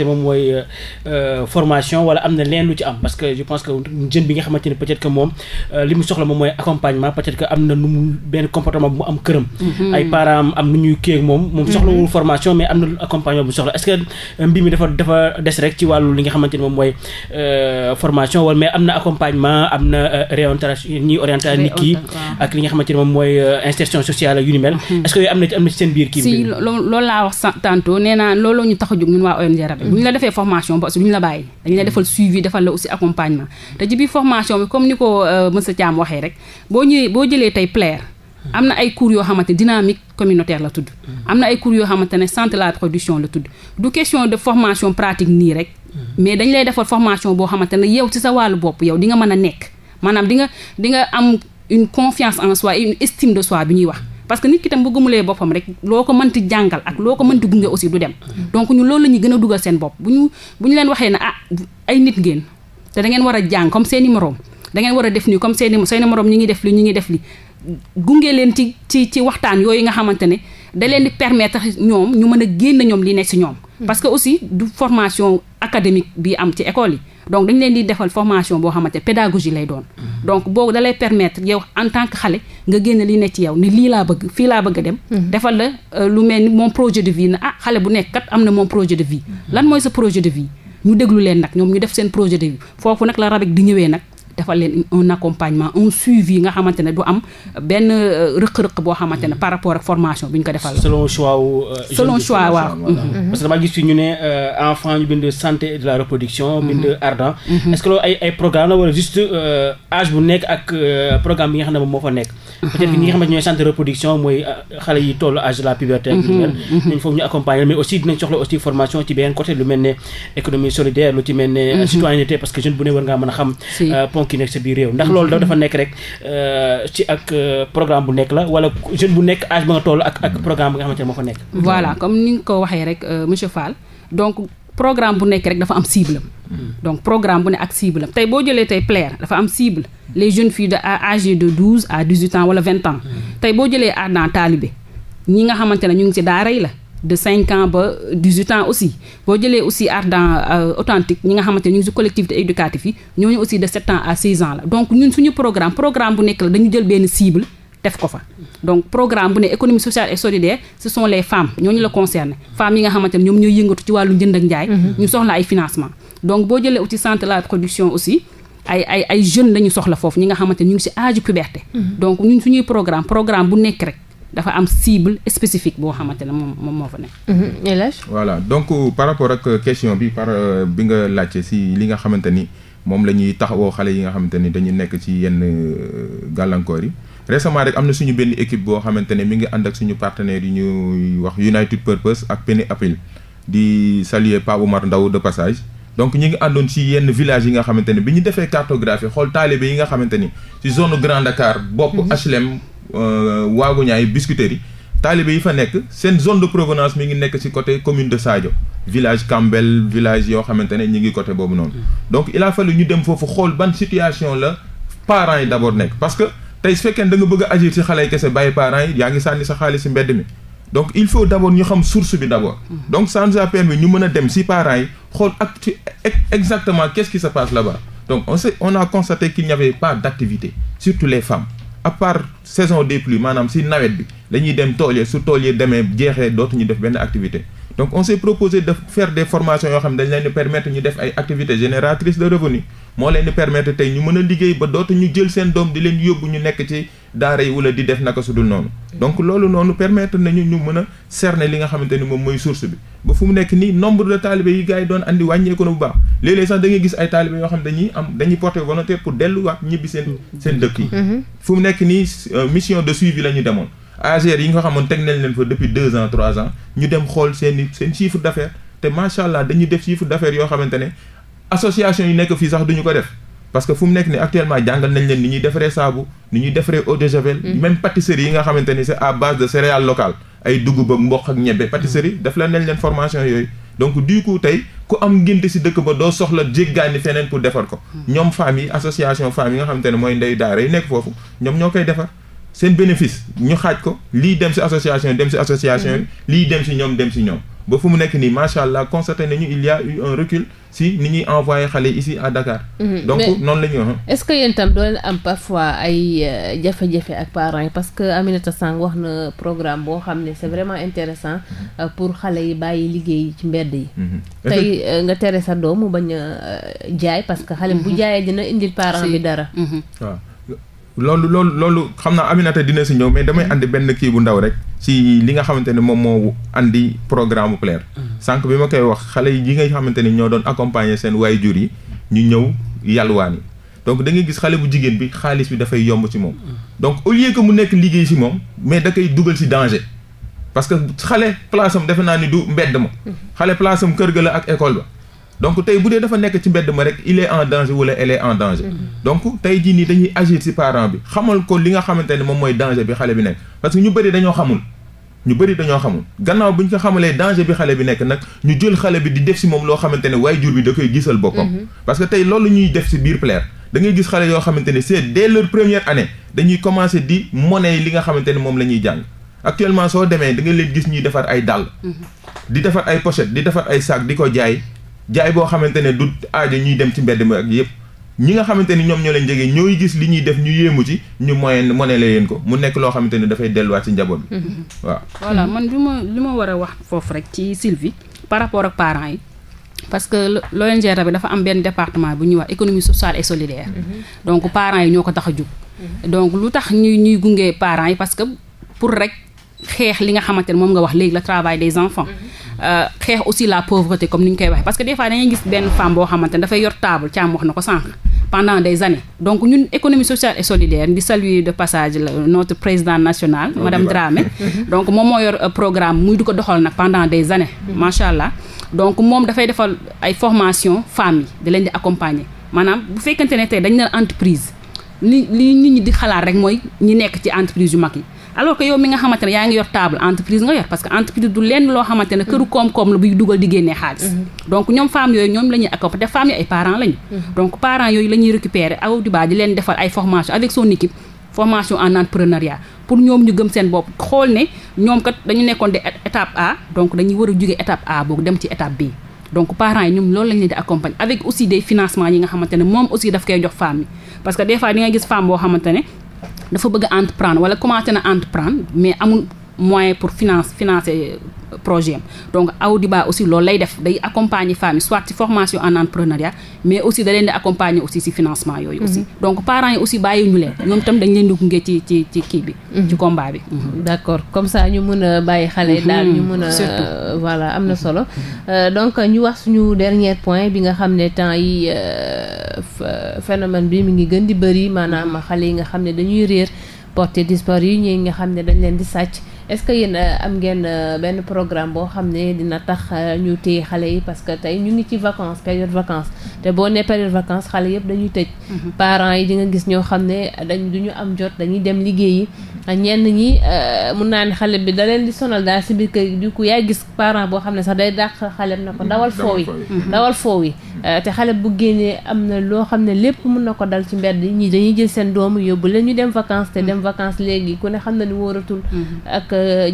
moom mooy euh, euh, formation wala am euh, am na nu mu benn comportement bu mu am këram ay parents am nu ñuy kéeg moom moom soxlawul formation mais am na accompagnement bu soxla est-ce que mbir mi dafa dafa des rek ci wàllu li nga xamante moom mooy formation wala mais am na accompagnement am na euh, réorientation ñi orienté nit ki ak li nga xamante ne moom mooy euh, insertion sociale yu ni mel mhm. est-ce que yooyu am na seen biir kii si loolu laa wax tantôt nee naa looloo ñu tax a jóg ñun waa ONG Rabel mhm. bu ñu la defee formation ba duñu la bàyyi dañu la mhm. defal suivi defal la aussi accompagnement te ci biir formation bi comme ni ko euh, monsieur Thiam waxee rek boo ñëwee boo jëlee tey plaire am na ay cours yoo xamante ne dynamique communautaire la tudd. am na ay cours xamante ne centre la production la tudd du question de formation pratique nii rek. mais dañ lay defal formation boo xamante ne yow ci sa wàllu bopp yow di nga mën a nekk maanaam di nga di nga am une confiance en soi et une estime de soi bi ñuy wax. parce que nit ki tam bu gëmulee boppam rek loo ko mënti jàngal ak loo ko mënti gunge aussi du dem. donc ñu loolu la ñuy gën a dugal seen bopp bu ñu bu ñu leen waxee ne ah ay nit ngeen te da a a def nii comme seen ngi def li ñi ngi def gunge leen ci ci ci waxtaan yooyu nga xamante ne da leen di permettre ñoom ñu mën a génn ñoom li nekk si ñoom. Hmm. parce que aussi du formation académique bi am ci école yi. donc dañ leen di defal formation boo xamante ne pédagogie lay doon. Hmm. donc boo dalee lay permettre yow en tant que xale nga génn li ne ci yow ni lii laa bëgg fii laa bëgg a dem. Hmm. defal la euh, lu mel ni moom projet de vie na ah xale bu nekk kat am na moom projet de vie. lan mooy sa projet de vie ñu déglu leen nag ñoom ñu def seen projet de foofu nag la rabek di ñëwee nag. defal leen un accompagnement un suivi nga xamante ne du am benn euh, rëq-rëq boo xamante ne mm-hmm. par rapport ak formation bi ñu ko defal. selon choix euh, waaw. Mm-hmm. Mm-hmm. parce que dama gis ñu ne euh, enfant ñu bind santé de la reproduction. bind ardent. est-ce que loolu ay programme la wala juste âge bu nekk ak programme bi nga xam ne moom moo fa nekk. peut-être de la puberté. dañ foofu ñu soxla aussi formation ci beneen côté lu mel ne économie solidaire lu ci mel ne. citoyenneté parce que jeune bu ne war ki nekk sa biir réew ndax loolu dafa nekk rek euh, ci ak euh, programme bu nekk la wala jeune bu nekk âge ba nga toll ak ak programme bi nga xamante ne moo fa nekk. voilà comme ni nga ko waxee rek euh, monsieur Fall donc programme bu nekk rek dafa am cible am. Hmm. donc programme bu ne ak cible am tey boo jëlee tey plaire dafa am cible les jeune filles de âgées de douze à dix huit ans wala vingt ans. Hmm. tey boo jëlee ardent talibé ñi nga xamante ne ñu ngi ci daa yi la. de cinq ans ba dix huit ans aussi boo jëlee aussi ardent euh, authentique ñi nga xamante ne ñu ngi si collectivité éducative yi ñooñu aussi de sept ans à seize ans la donc ñun suñu programme programme bu nekk la dañu jël benn bu ne économie sociale et solidaire ce sont les femmes ñooñu nga xamante ne ñoom ñooy yëngatu ci wàllu njënd ak njaay mhm. ñu soxla ay financement donc boo jëlee aussi centre la production aussi ay ay ay ñu soxla foofu ñi nga xamante ñu ngi si âge puberté mhm. donc ñun suñuy programme programme bu nekk rek dafa am cible spécifique boo xamante ne moom moom moo fa nekk. Mhm. El voilà donc euh, par rapport ak euh, question bi par euh, bi nga laajte si li nga xamante ni moom la ñuy taxawoo xale yi nga xamante ni dañu nekk ci yenn gàllankoor yi. récemment rek am na suñu benn équipe boo xamante ne mi ngi ànd ak suñu partenaire yi ñuy wax United Purpose ak Penny Apple di saluer Pape Oumar Ndaw de passage. donc ñi ngi àndoon ci yenn village yi nga xamante ne bi ñu defee cartographie xool taalibe yi nga xamante ni ci zone bopp mhm. HLM Euh, waagu ñaay biscuiterie yi taalibe yi fa nekk seen zone de provenance mi ngi nekk ci côté commune de Sadio village Kambel village yoo xamante ne ñi ngi côté boobu noonu donc il a fallu ñu dem foofu xool ban situation la parents yi d'abord nekk parce que tey su fekkee da bëgg a agir ci xale yi kese bàyyi parent yi yaa ngi sànni sa xaalis ci mbedd mi donc il faut d'abord ñu xam source bi d'abord mhm. donc ça nous a permis ñu mën a dem si parents yi xool ak ci qu'est-ce qui se passe là-bas donc on a constaté qu'il n'y avait pas d'activité les femmes à part saison des pluies maanaam si nawet bi la dem tool ya su tool ya demee jeexee dootuñu def benn activité donc on s'est proposé de faire des formations yoo xam ne dañ leen ñu def ay activités génératrices de revenus moo leen di permettre tey ñu mën a liggéey ba dootu ñu jël seen doom di leen yóbbu ñu nekk ci daara yi wala di def naka su noonu donc loolu noonu permettre nañu ñu mën a cerner li nga xamante ni moom mooy source bi ba fu mu nekk nii nombre de taalibe yi gars yi doon indi wàññeeku na bu baax léeg-léeg sax gis ay taalibe yoo xam dañuy am dañuy porter volonté pour delluwaat ñibbi seen seen dëkk yi mm-hmm. mu nekk nii euh, mission de suivi la ñu demoon AGR yi nga xamoon teg nañ leen fa depuis deux ans trois ans ñu dem xool seen i seen chiffre d'affaires te macha allah dañuy def chiffre d'affaires yoo xamante ne association yi nekk fii sax duñu ko def parce que fu mu nekk nii actuellement jàngal nañ leen ni ñuy defaree saabu ni ñuy defaree eau de javel. Mm. même pâtisserie yi nga xamante ni c'est à base de céréales locales ay dugub ak mboq ak ñebbe mm. pâtisserie def leen nañ leen formation yooyu donc du coup tey ku am ngénte si dëkk ba doo soxla jéggaani feneen pour defar ko mm. ñoom femmes yi association femmes yi nga xamante ne mooy ndeyu nekk foofu ñoom ñoo koy defar seen bénéfice ñu xaaj ko lii dem si association dem si association yi mm-hmm. lii dem si ñoom dem si ñoom ba fu mu nekk nii macha allah constaté nañu il y a eu un recul si ni ñuy envoyé xale ici à Dakar. Mm-hmm. donc noonu la ñuy est ce que yéen tam doo leen am parfois ay euh, jafe-jafe ak parents yi parce que Aminata Sang wax na programme boo xam ne c' est vraiment intéressant euh, pour xale yi bàyyi liggéey ci mbedd yi. Mm-hmm. tey euh, nga tere sa doom mu bañ a jaay parce que xale bu jaayee dina indil parent bi dara. waaw loolu loolu loolu xam naa Aminata dina si ñëw mais damay mm-hmm. andi benn kii bu ndaw rek ci li nga xamante ne moom moo andi programme Claire mm-hmm. sànq bi ma koy wax xale yi ngay xamante ni ñoo doon accompagner seen jur yi ñu ñëw yàlwaan yi donc da gis xale bu jigéen bi xaalis bi dafay yomb ci moom mm-hmm. donc au lieu que mu nekk liggéey si moom mais da koy dugal si danger parce que xale place defe naa ni du mbedd ma xale place am kër ga la ak école ba donc tey bu dee dafa nekk ci mbedd ma rek il est en danger wala elle en danger mm-hmm. donc tey jii nii dañuy agir ci parent bi xamal ko li nga xamante ne moom mooy danger bi xale bi nekk parce que ñu bëri dañoo xamul ñu bëri dañoo xamul gannaaw bu ñu xamalee danger bi xale bi nekk nag ñu jël xale bi di def ci moom loo xamante ne waaye jur bi da koy gisal boppam mm-hmm. parce que tey loolu ñuy def ci biir plaire da ngay gis xale yoo xamante ne c'est dès leur première année dañuy commencer di monnaie li nga xamante ne moom la ñuy jàng actuellement soo demee da nga leen gis ñuy defar ay dàll mm-hmm. di defar ay pochette di defar ay sac di ko jaay jaay boo xamante ne du aajo ñuy dem ci mbedd mi ak yëpp ñi nga xamante ni ñoom ñoo leen jege ñooy gis li ñuy def ñu yéemu ci ñu moyen mone la leen ko mu nekk loo xamante ni dafay delluwaat ci njaboot bi mhm. waaw voilà man bi ma li ma war a wax foofu rek ci Sylvie par rapport ak parent yi parce que l'ONG bi dafa am benn département bu ñuy wax économie sociale et solidaire mhm. donc parents yi ñoo ko tax a jóg mhm. donc lu tax ñuy ñuy gunge parents yi parce que xeex li nga xamante ne moom nga wax léegi le travail des enfants euh, xeex aussi la pauvreté comme ni ñu koy waxee parce que des fois dañuy gis benn femme boo xamante ne dafay yor table caam wax na ko sànq pendant des années donc ñun économie sociale et solidaire di saluer de passage notre président national madame Dramé *laughs* donc moom moo yor euh, programme muy du ko doxal nag pendant des années macha allah donc moom dafay defal ay formation femmes yi da leen di accompagner maanaam bu fekkante ne tey dañ na entreprise li nit ñi di xalaat rek mooy ñi nekk ci entreprise yu yi alors que yow mi nga xamante ne yaa ngi yor table entreprise nga yor parce que entreprise du lenn loo xamante ne këru koom-koom la buy dugal di génnee xaalis mhm. donc ñoom femmes yooyu ñoom la ñuy accompagner te femmes yi ay parents lañu mhm. donc parents yooyu la ñuy récupérer di baa di leen avec son ñu gëm seen bopp xool ne ñoom kat dañu nekkoon de étape A donc dañuy a jóge étape A boobu dem ci étape B donc yi nga xamante moom aussi daf koy jox femme yi parce que des di nga gis femme boo xamante dafa bëgg a entreprendre wala commencé na entreprendre mais amul moyen pour finance financer euh, projet am donc Aodiba aussi loolu lay def day accompagner femmes yi soit ci formation en entrepreneuriat mais aussi da leen di accompagner aussi ci financement yooyu aussi mhm. donc parents yi aussi bàyyi ñu leen ñoom itam dañ leen di gunge ci ci ci kii bi mhm. ci combat bi mhm. d'accord comme ça ñu mën a bàyyi xale daal ñu mën a surtout euh, voilà am na solo euh, donc ñu wax suñu dernier point bi nga xam ne temps yi phénomène bi mi ngi gën di bëri maanaam xale yi nga xam ne dañuy réer porté disparu yi ñi nga xam ne dañ leen di sàcc est-ce que yéen euh, am ngeen euh, benn programme boo xam ne dina tax euh, ñu téye xale yi parce que tey ñu ngi ci vacances période vacance te boo ne période vacance xale yëpp dañuy tëj mhm. parent yi di nga gis ñoo xam ne du ñu am jot dañuy dem liggéeyi mhm. ñenn ñi mun naa ne xale bi da di sonal daal si biir kër gi du ko yaay gis parent boo xam ne sax day dàq xalem na ko mhm. dawal foow yi dawal yi te xale bu génnee am na loo xam ne lépp mun na ko dal ci mbedd ñi dañuy jël seen doomu yóbbu leen ñu dem vacances te dem vacances léegi ku ne xam na ni wóoratul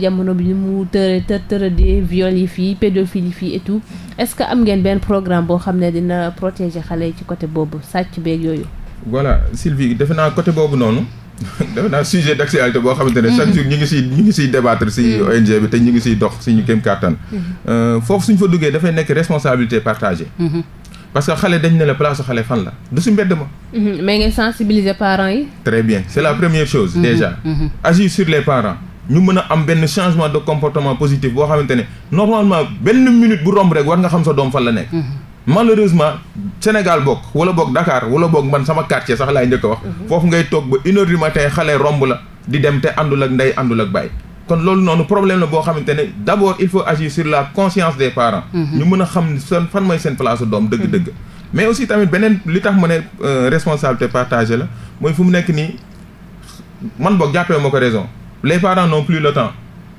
jamono bi mu tëre të de di viol yi fii pédophile yi fii et tout est-ce que am ngeen benn programme boo xam ne dina protéger xale yi ci côté boobu sàcc beeg yooyu. voilà Sylvie defe naa côté boobu noonu. *laughs* defe naa sujet d'actualité boo xamante ne chaque mhm. jour ñu ngi siy ñu ngi si mhm. ONG bi te ñu ngi siy dox suñu kéem kàttan mhm. euh, foofu suñ fa duggee dafay nekk responsabilité partagée parce que xale dañ ne la place xale fan la du si mbedd ma mais ngay sensibiliser parents yi très ñu mën a am benn changement de comportement positif boo xamante ne normalement benn minute bu romb rek war nga xam sa doom fan la nekk. Mhm. malheureusement Sénégal bokk wala boog dakaar wala boog man sama quartier sax laay njëkk a wax. Mhm. foofu ngay toog ba une heure matin xale romb la di dem te àndul ak ndey àndul ak baay. kon loolu noonu problème la boo xamante ne d' abord il faut agir sur la conscience des parents. Mhm. ñu mën a xam seen fan mooy seen place doom dëgg-dëgg. mais aussi tamit beneen li tax ma ne euh, responsabilité partagée la mooy fu mu nekk nii man boog jàppee ma ko raison. les parents n'ont plus le temps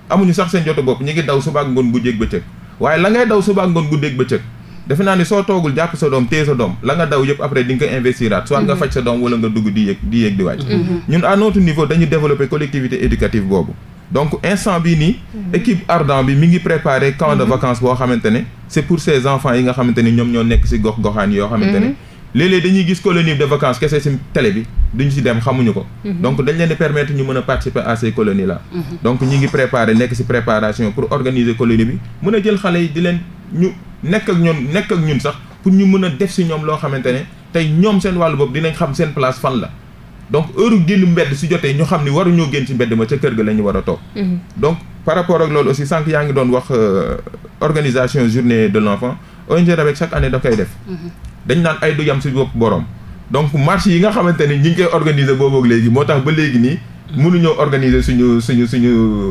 amuñu sax seen jotu bopp ñu ngi daw suba ak ngoon guddeeg bëccëg waaye la ngay daw suba ak ngoon guddeeg bëccëg defe naa ni soo toogul jàpp sa doom téye sa doom la nga daw yëpp après di nga ko investiraat soit nga mhm. faj sa doom wala nga dugg di yéeg di wàcc mhm. Mhm. ñun à niveau dañu développer collectivité éducative boobu donc instant bi nii équipe ardent bi mi ngi préparer camp de vacance boo xamante ne c'est pour ces enfants yi nga xamante ne ñoom ñoo nekk ci gox goxaan yoo xamante ne léeg-léeg dañuy gis colonie de vacances kese ci tele bi duñu ci dem xamuñu ko. Mhm. donc dañ leen di ñu mën a participer à ces colonies mhm. donc ñu ngi préparer nekk ci préparation pour organiser colonie bi mën a jël xale yi di leen ñu nekk ak ñoom nekk ak ñun sax pour ñu mën a def ci ñoom loo xamante ne tey ñoom seen wàll bopp dinañ xam seen place fan la. donc heure génn mbedd si jotee ñu xam ni waruñoo génn ci mbedd ma ca kër gi la ñu war a toog. Mhm. donc par rapport ak loolu aussi sànq yaa ngi doon wax euh, organisation journée de l' enfant ONG e chaque année da koy def. dañu naan ay du yam si bopp borom donc marché yi nga xamante ni ñi ngi koy organiser boobu léegi moo tax ba léegi nii mënuñoo organiser suñu suñu suñu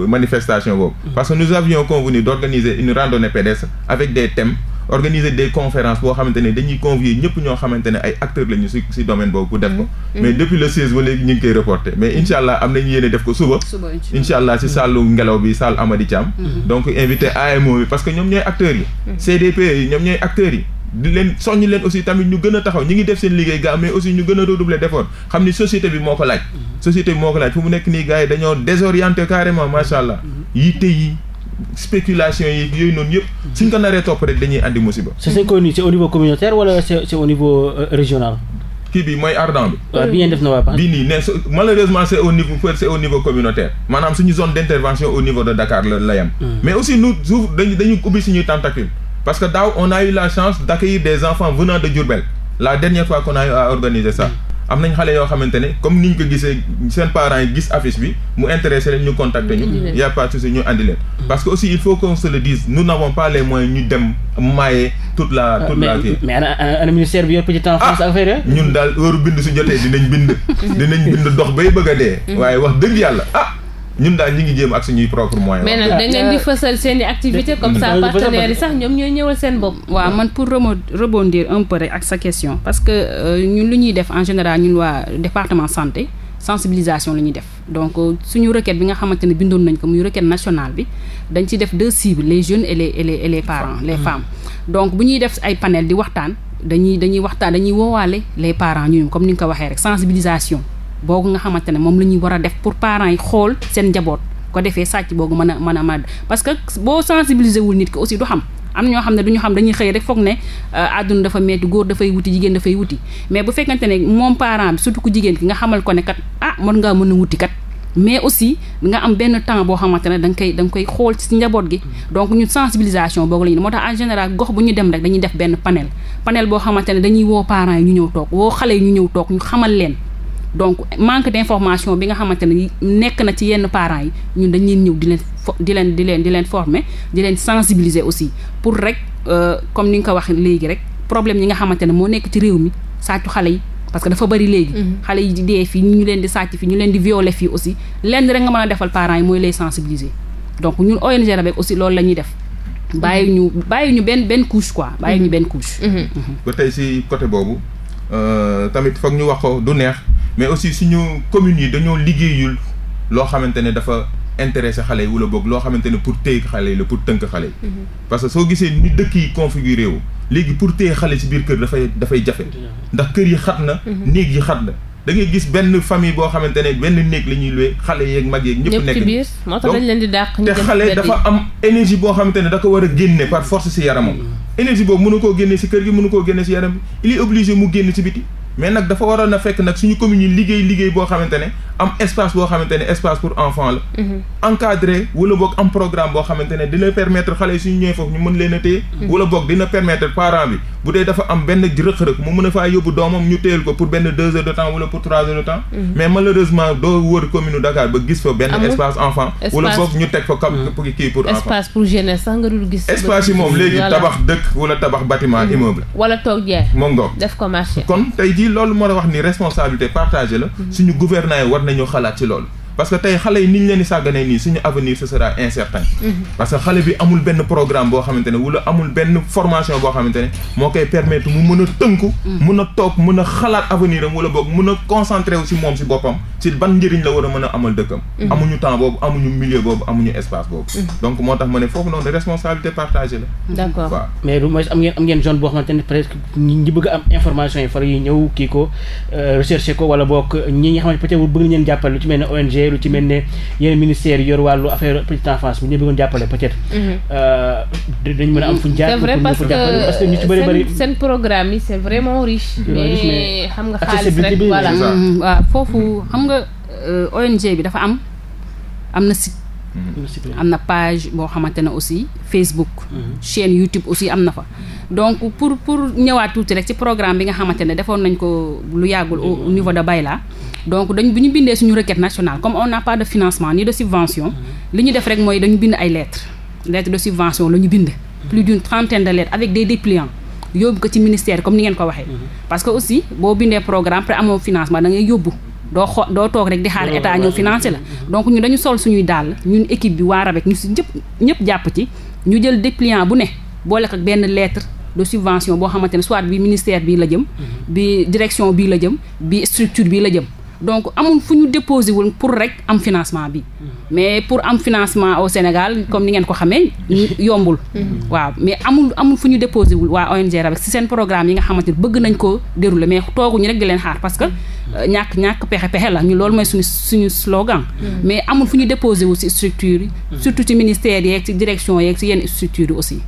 manifestation boobu mm-hmm. parce que nous avions convenu d'organiser une randonnée pédestre avec des thèmes organiser des conférences boo xamante ne dañuy convier ñëpp ñoo xamante ne ay acteurs lañu ci ci domaine boobu pour def ko mm-hmm. mais mm-hmm. depuis le 16 ba léegi ñu ngi koy reporté mais incha allah am nañu yéene def ko suba incha allah ci ngelaw bi sàll Amady Thiam donc invité AMO bi parce que ñoom ñooy acteurs yi CDP yi yi di leen soññ leen aussi tamit ñu gën a taxaw ñu ngi def seen liggéey gaa mais aussi ñu gën a redoubler d'effort xam ni société bi moo ko laaj mhm. société bi moo ko laaj fu mu nekk nii gars yi dañoo désorienté carrément macha allah mhm. yitte yi spéculation yi yooyu noonu yëpp mhm. suñ ko naree topp rek dañuy andi musiba c'est connu c'est au niveau communautaire wala c'est au niveau euh, régional kii bi mooy ardent bi bi ngeen def na waa bii nii ne malheureusement c'est au niveau c'est au niveau communautaire maanaam suñu zone d'intervention parce que daaw on a eu la chance d'accueillir des enfants venant de Diourbel la dernière fois qu'on a eu à organiser ça mm. am nañ xale yoo xamante ne comme niñ ko gisee seen parents yi gis affiche bi mu intéressé leen ñu contacter ñu mm. y a pas de souci ñu andi leen mm. parce que aussi il faut qu'on se le dise nous n'avons pas ñu dem maye toute la ah, toute la kii mais ana ministère bi yor petite enfance ah! affaire ñun daal heure bind su jotee dinañ bind *laughs* dinañ bind a ñun daal ñu ngi jéem ak suñuy propre moyen mais nag dañ fësal seen i activité comme ça partenaires yi sax ñoom ñooy ñëwal seen bopp waa man pour rebondir un peu ak sa question parce que euh, ñun lu ñuy def en général ñun waa département santé sensibilisation la ñuy def donc euh, suñu requête bi nga xamante ne bindoon nañ ko muy requête nationale bi dañ ci def deux cibles les jeunes et les et les et les parents les mm-hmm. femmes donc bu ñuy def ay panel di waxtaan dañuy dañuy waxtaan dañuy woowaale les parents ñun comme ni nga ko waxee rek sensibilisation boobu nga xamante ne moom la ñuy war a def pour parents yi xool seen njaboot ko defee sàcc boobu mën a mën a mën parce que boo sensibiliser wul nit ki aussi du xam am ñoo xam ne du ñu xam dañuy xëy rek foog ne euh, àdduna dafa metti góor dafay wuti jigéen dafay wuti mais bu fekkante ne moom parent bi surtout ku jigéen ki nga xamal ko ne kat ah mën ngaa mën a wuti kat mais aussi nga am benn temps boo xamante ne da nga koy da nga koy xool ci njaboot gi donc ñun sensibilisation boobu la ñu moo tax en général gox bu ñu dem rek dañuy def benn panel panel boo xamante ne dañuy woo parents yi ñu ñëw toog woo xale yi ñu ñëw toog ñu xamal leen donc manque d'information bi nga xamante ne nekk na ci yenn parents yi ñun dañuy ñëw di leen di leen di leen di leen former di leen sensibiliser aussi pour rek euh, comme ni nga ko wax léegi rek problème yi nga xamante ne moo nekk ci réew mi sàccu xale yi parce que dafa bari léegi. Mm-hmm. xale yi di dee fii ñu leen di sàcc fii ñu leen di violer fii aussi lenn rek nga mën a defal parents yi mooy lay sensibiliser donc ñun ONG Rabec aussi loolu la ñuy def. bàyyi ñu bàyyi ñu benn benn couche quoi bàyyi ñu mm-hmm. benn couche. Mm-hmm. ba tey si côté boobu euh, tamit foog ñu wax ko du neex. mais aussi suñu communes yi dañoo liggéeyul loo xamante ne dafa intéressé xale yi wala boog loo xamante ne pour téye xale yi la pour tënk xale yi. Mm-hmm. parce que soo gisee ni dëkk yi configuré wu. léegi pour téye xale ci biir kër dafay dafay jafe. ndax kër yi xat na. Mm-hmm. néeg yi xat na. da ngay gis benn famille boo xamante ne benn néeg la ñuy luwee xale yeeg mag yeeg. ñëpp nekk ci biir moo leen di dàq. ñu te xale dafa am énergie boo xamante ne da ko war a génne par force ci yaramam. Mm-hmm. énergie boobu mënu koo génne si kër gi a koo génne ci yaram bi il est obligé mu génn ci biti mais nag dafa waroon a fekk nag suñu commune yi liggéey liggéey boo xamante ne am espace boo xamante ne espace pour enfant la. Mhm. encadré wala boog am programme boo xamante ne dina permettre xale yi suñu ñëwee foofu ñu mën leen a téye. Mhm. wala boog dina permettre parent bi. bu dee dafa am benn rëq-rëq mu mën a faa yóbbu doomam ñu teel ko pour benn deux heures de temps wala pour trois heures de temps mhm. mais malheureusement doo wër commune Dakar ba gis fa benn espace enfant espace mhm. gis espace yi moom léegi tabax dëkk wala tabax bâtiment mhm. immeuble wala toog jeex moom ngoog def ko kon tey jii loolu moo la wax ni responsabilité partagée la suñu gouvernement yi war nañoo xalaat ci loolu parce que tey xale yi ni ñu leen di sàgganee nii suñu avenir ce mm-hmm. parce que xale bi amul benn programme boo xamante ne wala amul benn formation boo xamante ne moo koy permettre mu mën a tënku. Mm. mën a toog mën a xalaat avenir am wala boog mën a concentré wu moom si boppam si ban njëriñ la war a mën a amal dëkkam. Mm-hmm. amuñu temps boobu amuñu milieu boobu amuñu espace boobu. Mm-hmm. donc moo tax ma ne foofu noonu responsabilité partagée la. d' accord waaw mais du moins am ngeen am ngeen ko euh, recherché ko wala boog ñi nga xamante peut être tey lu ci mel ne yeneen ministère yor wàllu affaire petite enfance bu ñu bëggoon jàppale peut être. Mhm. Euh, dañ mën a am fu ñu jaar. parce que parce que ñu ci euh, seen programme yi c' est vraiment riche. mais xam nga xaalis rek voilà mm-hmm. waaw foofu xam nga euh, ONG bi dafa am am na site. Mhm. am na page boo xamante ne aussi Facebook. Mhm. chaîne YouTube aussi am na fa. donc pour pour ñëwaat tuuti rek ci programme bi nga xamante ne defoon nañ ko lu yàggul au niveau de bay la dañ bu ñu bindee suñu requête nationale comme on n'a pas de financement ni de subvention. Mhm. li ñu def rek mooy dañu bind ay lettres. lettre de subvention la ñu bind. plus d'une trentaine de lettres avec des dépliants. yóbbu ko ci ministère comme ni ngeen ko waxee. parce que aussi boo bindee programme après amoo financement da doo xo doo toog rek di xaar état ñëw financé la donc ñu dañu sol suñuy dàll ñun équipe bi waa RABEC ñu si ñëpp ñëpp jàpp ci ñu jël dépliant bu ne boole ko benn lettre de subvention boo xamante ne soit bi ministère bii la jëm mm-hmm. bi direction bii la jëm bi structure bii la jëm donc amul fu ñu déposé wul pour rek am financement bi mais pour am financement aw Sénégal comme ni ngeen ko xamee yombul mhm. waaw mais amul amul fu ñu déposé wul waa ONG RABEX si seen programme yi nga xamante ni bëgg nañ ko dérouler mais tooguñu rek di leen xaar parce que euh, ñàkk ñàkk pexe pexe la ñu loolu mooy suñu suñu slogan mhm. mais amul fu ñu déposé wul si structure yi mhm. surtout ci ministère yeeg ci direction yeeg ci yenn structure yi aussi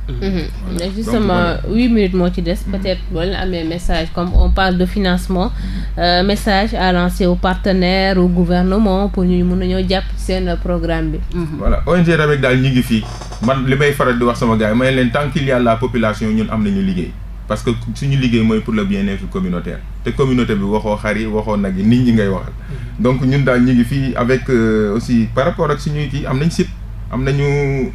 justement huit minutes moo ci des peut-être boo leen message comme on de financement euh, message à lancer partenaire au gouvernement pour ñu mun a ñoo jàpp seen programme bi. Mhm. voilà ONG RAMEC daal ñi ngi fii man li may faral di wax sama gars yi may leen tant qu'il y population ñun am nañu liggéey parce que suñu liggéey mooy pour le bien-être communautaire te communauté bi waxoo xar yi waxoo nag yi nit ñi ngay waxal. Mhm. donc ñun daal ñu ngi fii avec euh, aussi par rapport ak su suñuy kii am nañ site. am nañu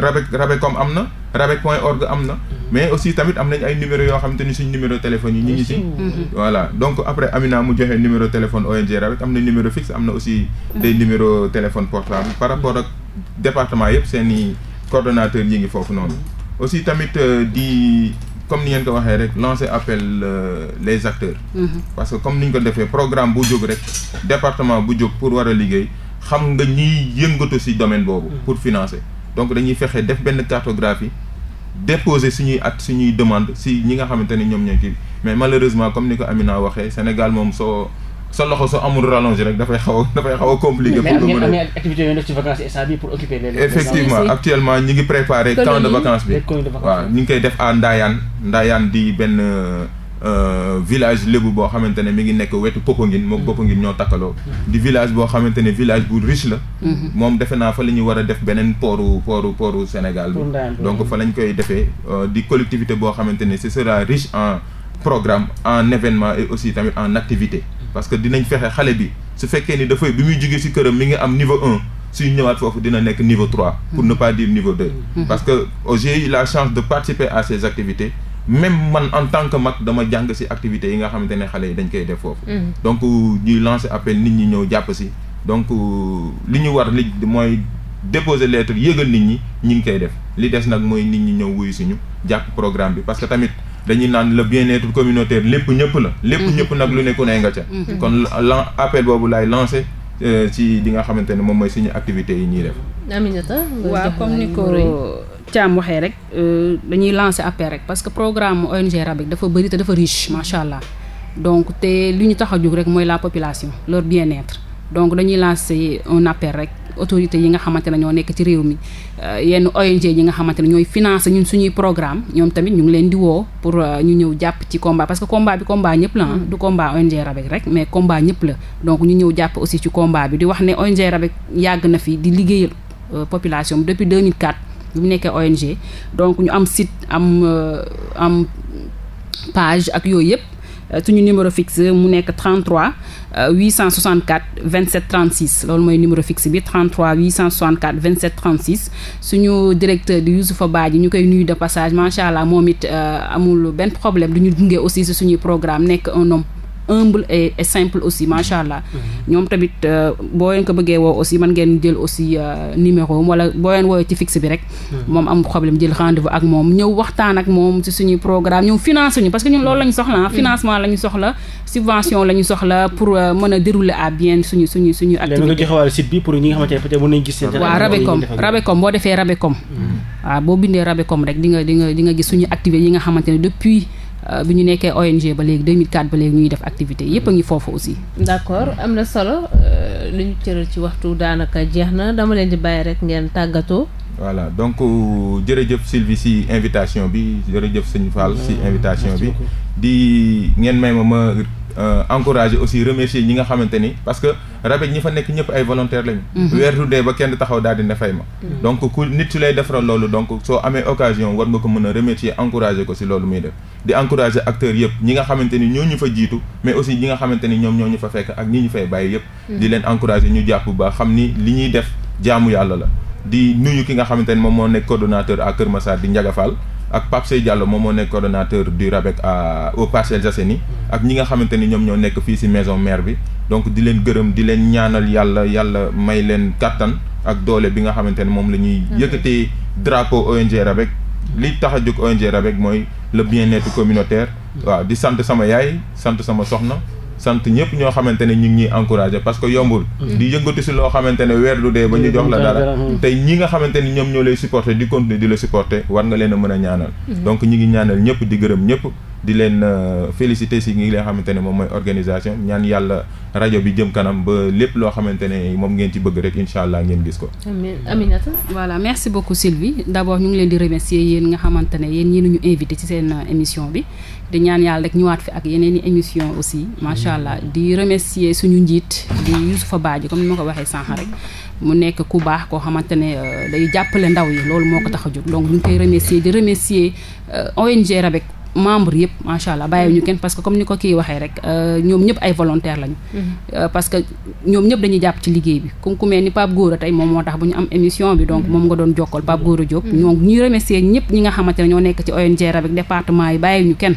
rabe rabe comme am na rabe point org am na mhm. mais aussi tamit am nañ ay numéro yoo xamante ni suñ numéro téléphone yi ñu ngi si mhm. mhm. voilà donc après Amina mu joxe numéro téléphone ONG Rabek am na numéro fixe am na aussi des numéro téléphone portable par rapport ak département yëpp seeni i ñi ngi foofu noonu aussi tamit euh, di comme ni ngeen ko waxee rek lancer appel euh, les acteurs parce que comme ni ñu ko defee programme bu jóg rek département bu jóg pour war liggéey xam nga ñiy yëngatu si domaine boobu. Mm. pour financé donc dañuy fexe def benn cartographie déposer suñuy at ñuy demande si ñi nga xamante ni ñoom ñoo kii mais malheureusement comme ni ko Amina waxee Sénégal moom soo sa loxo soo amul rallonge rek dafay xaw a *laughs* dafay xaw a compliqué. pour nga mën a activité yooyu def ci vacances instant bi pour occuper les effectivement actuellement ñi ngi préparé camp de vacances bi waaw ñi ngi koy def à Ndayane Ndayane di benn. Euh, village lébu boo xamante ne mi ngi nekk wetu Popenguine moom Popenguine ñoo takkaloo di village boo xamante ne village bu riche la mhm. moom defe naa fa la ñu war a def beneen pooru pooru pooru Sénégal bi donc fa lañ koy defee euh, di collectivité boo xamante ne ce sera riche en programme en événement et aussi tamit en activité parce que dinañ fexe xale bi su fekkee ni dafay bi muy jógee ci këram mi ngi am niveau un su ñëwaat foofu dina nekk niveau trois pour ne pas dire niveau deux mhm. parce que j'ai eu la chance de participer à ces même man en tant que mag dama jàng si activités yi nga xamante ne xale yi dañ koy def foofu. Mm-hmm. donc euh, ñuy lancer appel nit ñi ñëw jàpp si. donc euh, li ñu war li mooy déposer lettre yëgal nit ñi ñu ngi koy def li des nag mooy nit ñi ñëw wuyu suñu jàpp programme bi parce que tamit. dañuy naan le bien-être communautaire lépp ñëpp la. lépp mm-hmm. ñëpp nag lu ne ku ne nga ca. Mm-hmm. kon lan appel boobu laay lancé si euh, li nga xamante ne moom mooy suñu activités yi ñuy def. Thiam waxee rek euh, dañuy lancer appel rek parce que programme ONG RABIC dafa bëri te dafa riche macha allah donc te li ñu tax a jóg rek mooy la population leur bien-être donc dañuy lancer un appel rek autorités yi nga xamante ne ñoo nekk ci réew mi euh, yenn ONG yi nga xamante ne ñooy financer ñun suñuy programme ñoom tamit ñu ngi leen di woo pour euh, ñu ñëw jàpp ci combat parce que combat bi combat ñëpp la mm. du combat ONG RABIC rek mais combat ñëpp la donc ñu ñëw jàpp aussi ci combat bi di wax ne ONG yàgg na fi di liggéeyal population bi depuis 2004. bi mu nekkee ONG donc ñu am site am euh, am page ak yooyu yëpp euh, suñu numéro fixe mu nekk 33 864 27 36 loolu mooy numéro fixe bi 33 864 27 36 suñu directeur di Youssoufa yi ñu koy nuyu de passage macha allah moom it euh, amul benn problème du ñu dungee aussi si suñuy programme nekk un nom humble et, et simple aussi macha allah. ñoom tamit euh, boo leen ko bëggee woo aussi man ngeen jël aussi euh, numéro wala boo leen woowee ci fixe bi rek. moom am problème jël rendez-vous ak moom ñëw waxtaan ak moom ci suñuy programme ñëw financé ñu parce que ñun loolu la ñu soxla ah, financement la soxla subvention la soxla pour euh, mën a dérouler à bien suñu suñu suñu activité. léegi nga joxe wàllu site pour ñi nga xamante nañu gis suñu activité yi nga xamante ne depuis. Euh, bi ñu nekkee ONG ba léegi 2004 ba léegi ñuy def activité yëpp a ngi foofu aussi. d'accord am na solo euh, li ñu cëral ci waxtu daanaka jeex na dama leen di bàyyi rek ngeen tàggatoo. voilà donc euh, jërëjëf Sylvie si invitation bi jërëjëf sëñ Fall si invitation bi di ngeen may ma ma. Euh, encourager aussi remercier ñi nga xamante ni parce que rabet ñi fa nekk ñëpp ay volontaire lañu. Mhm. weer du dee ba kenn taxaw daal di ne ma. Mhm. donc ku nit su lay defaral loolu donc soo amee occasion war nga ko mën a remercier encourager ko si loolu muy def. di encourager acteur yëpp ñi nga xamante ni ñoo ñu fa jiitu mais aussi ñi nga xamante ni ñoom ñoo ñu fa fekk ak ñi ñu fay bàyyi yëpp. Mhm. di leen encourager ñu jàpp ba xam ni li ñuy def jaamu yàlla la. di nuyu ki nga xamante ni moom moo nekk coordonnateur Kër Massar di Ndiaga ak Pape Sey Diallo moom moo nekk coordonnateur du RABEC à aux Parcelles Assainies ak ñi nga xamante ni ñoom ñoo nekk fii ci maison mère bi donc di leen gërëm di leen ñaanal yàlla yàlla may leen kàttan ak doole bi nga xamante ne moom la ñuy mm-hmm. yëkkatee drapeau ONG RABEC li tax a jóg ONG RABEC mooy le bien-être communautaire mm-hmm. waaw di sant sama yaay sant sama soxna sant ñëpp ñoo xamante ne ñu ngi ñuy encouragé parce que yombul mm-hmm. di yëngatu si loo xamante ne weer du dee ba ñu jox la dara mm-hmm. tey ñi nga xamante ni ñoom ñoo lay supporté di continuer di la supporté war nga leen a mën a ñaanal mm-hmm. donc ñi ngi ñaanal ñëpp di gërëm ñëpp di leen euh, félicité si ngi nga xamante ne moom mooy organisation ñaan yàlla rajo bi jëm kanam ba lépp loo xamante ne moom ngeen ci bëgg rek incha allah ngeen gis ko. amiin Aminata voilà merci beaucoup Sylvie d' ñu ngi leen di remercier yéen nga xamante ne yéen ñii ñu invité ci seen euh, émission bi di ñaan yàlla rek ñëwaat fi ak yeneen i émission aussi macha allah di remercier suñu njiit di Youssoufa Badji comme ni ma ko waxee sànq rek. mu nekk ku baax koo xamante ne euh, day jàppale ndaw yi loolu moo ko tax a jóg donc ñu ngi di remercier ONG membre yëpp macha allah bàyyiwuñu kenn parce que comme ni ko kii waxee rek euh, ñoom ñëpp ay volontaire lañu. Mhm. Euh, parce que ñoom ñëpp dañuy jàpp ci liggéey bi comme ku mel ni Pape Gora tey moom moo tax bu ñu am émission bi donc mhm. moom nga doon jokkal Pape Gora Diop. ñoo mhm. ñuy ne ñoo nekk ci ONG Rabik département yi kenn.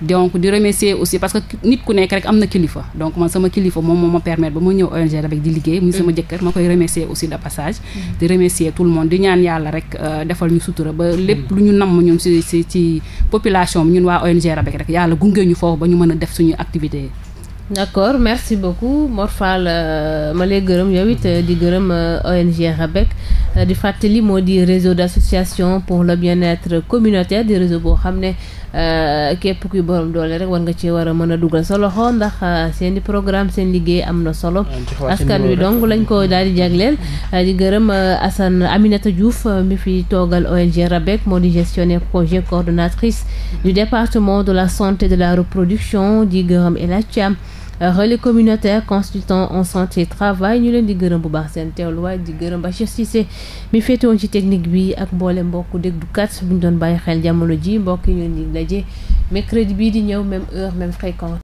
donc di remercier aussi parce que nit ku nekk rek am na kilifa donc man sama kilifa moom moo ma permettre ba ma ñëw ONG Rabik di liggéey. muy sama jëkkër ma koy remercier aussi de passage. di remercier tout le monde di ñaan yàlla rek euh, defal ñu sutura lépp lu ci ci population ñun waa ONG RABEC rek yàlla gungee ñu foofu ba ñu mën a def suñu activité yi. d' accord merci beaucoup Mor Fall euh, ma lay gërëm yow it euh, di gërëm euh, ONG RABEC di fàttali moo di réseau d' association pour le bien-être communautaire di réseau boo xam ne. Euh, képp kuy borom doole rek war nga cee war a mën a dugal sa loxo ndax euh, seen i programme seen liggéey am na solo ah, askan wi dong lañ ko daal di jagleel mm-hmm. euh, di gërëm Assane Aminata Diouf mi fi toogal ONG RABEC moo di gestionnaire projet coordonnatrice du département de la santé de la reproduction di gërëm El Hadj Thiam Euh, relais communautaire consultant en santé travail ñu leen di gërëm bu baax seen teewluwaay di gërëm ba Cissé mi féetewoon ci technique bi ak mboole mbokk déglukat bu ñu doon bàyyi xel jamono ji mbokk yi ñu leen di daje mercredi bii di ñëw même heure même fréquence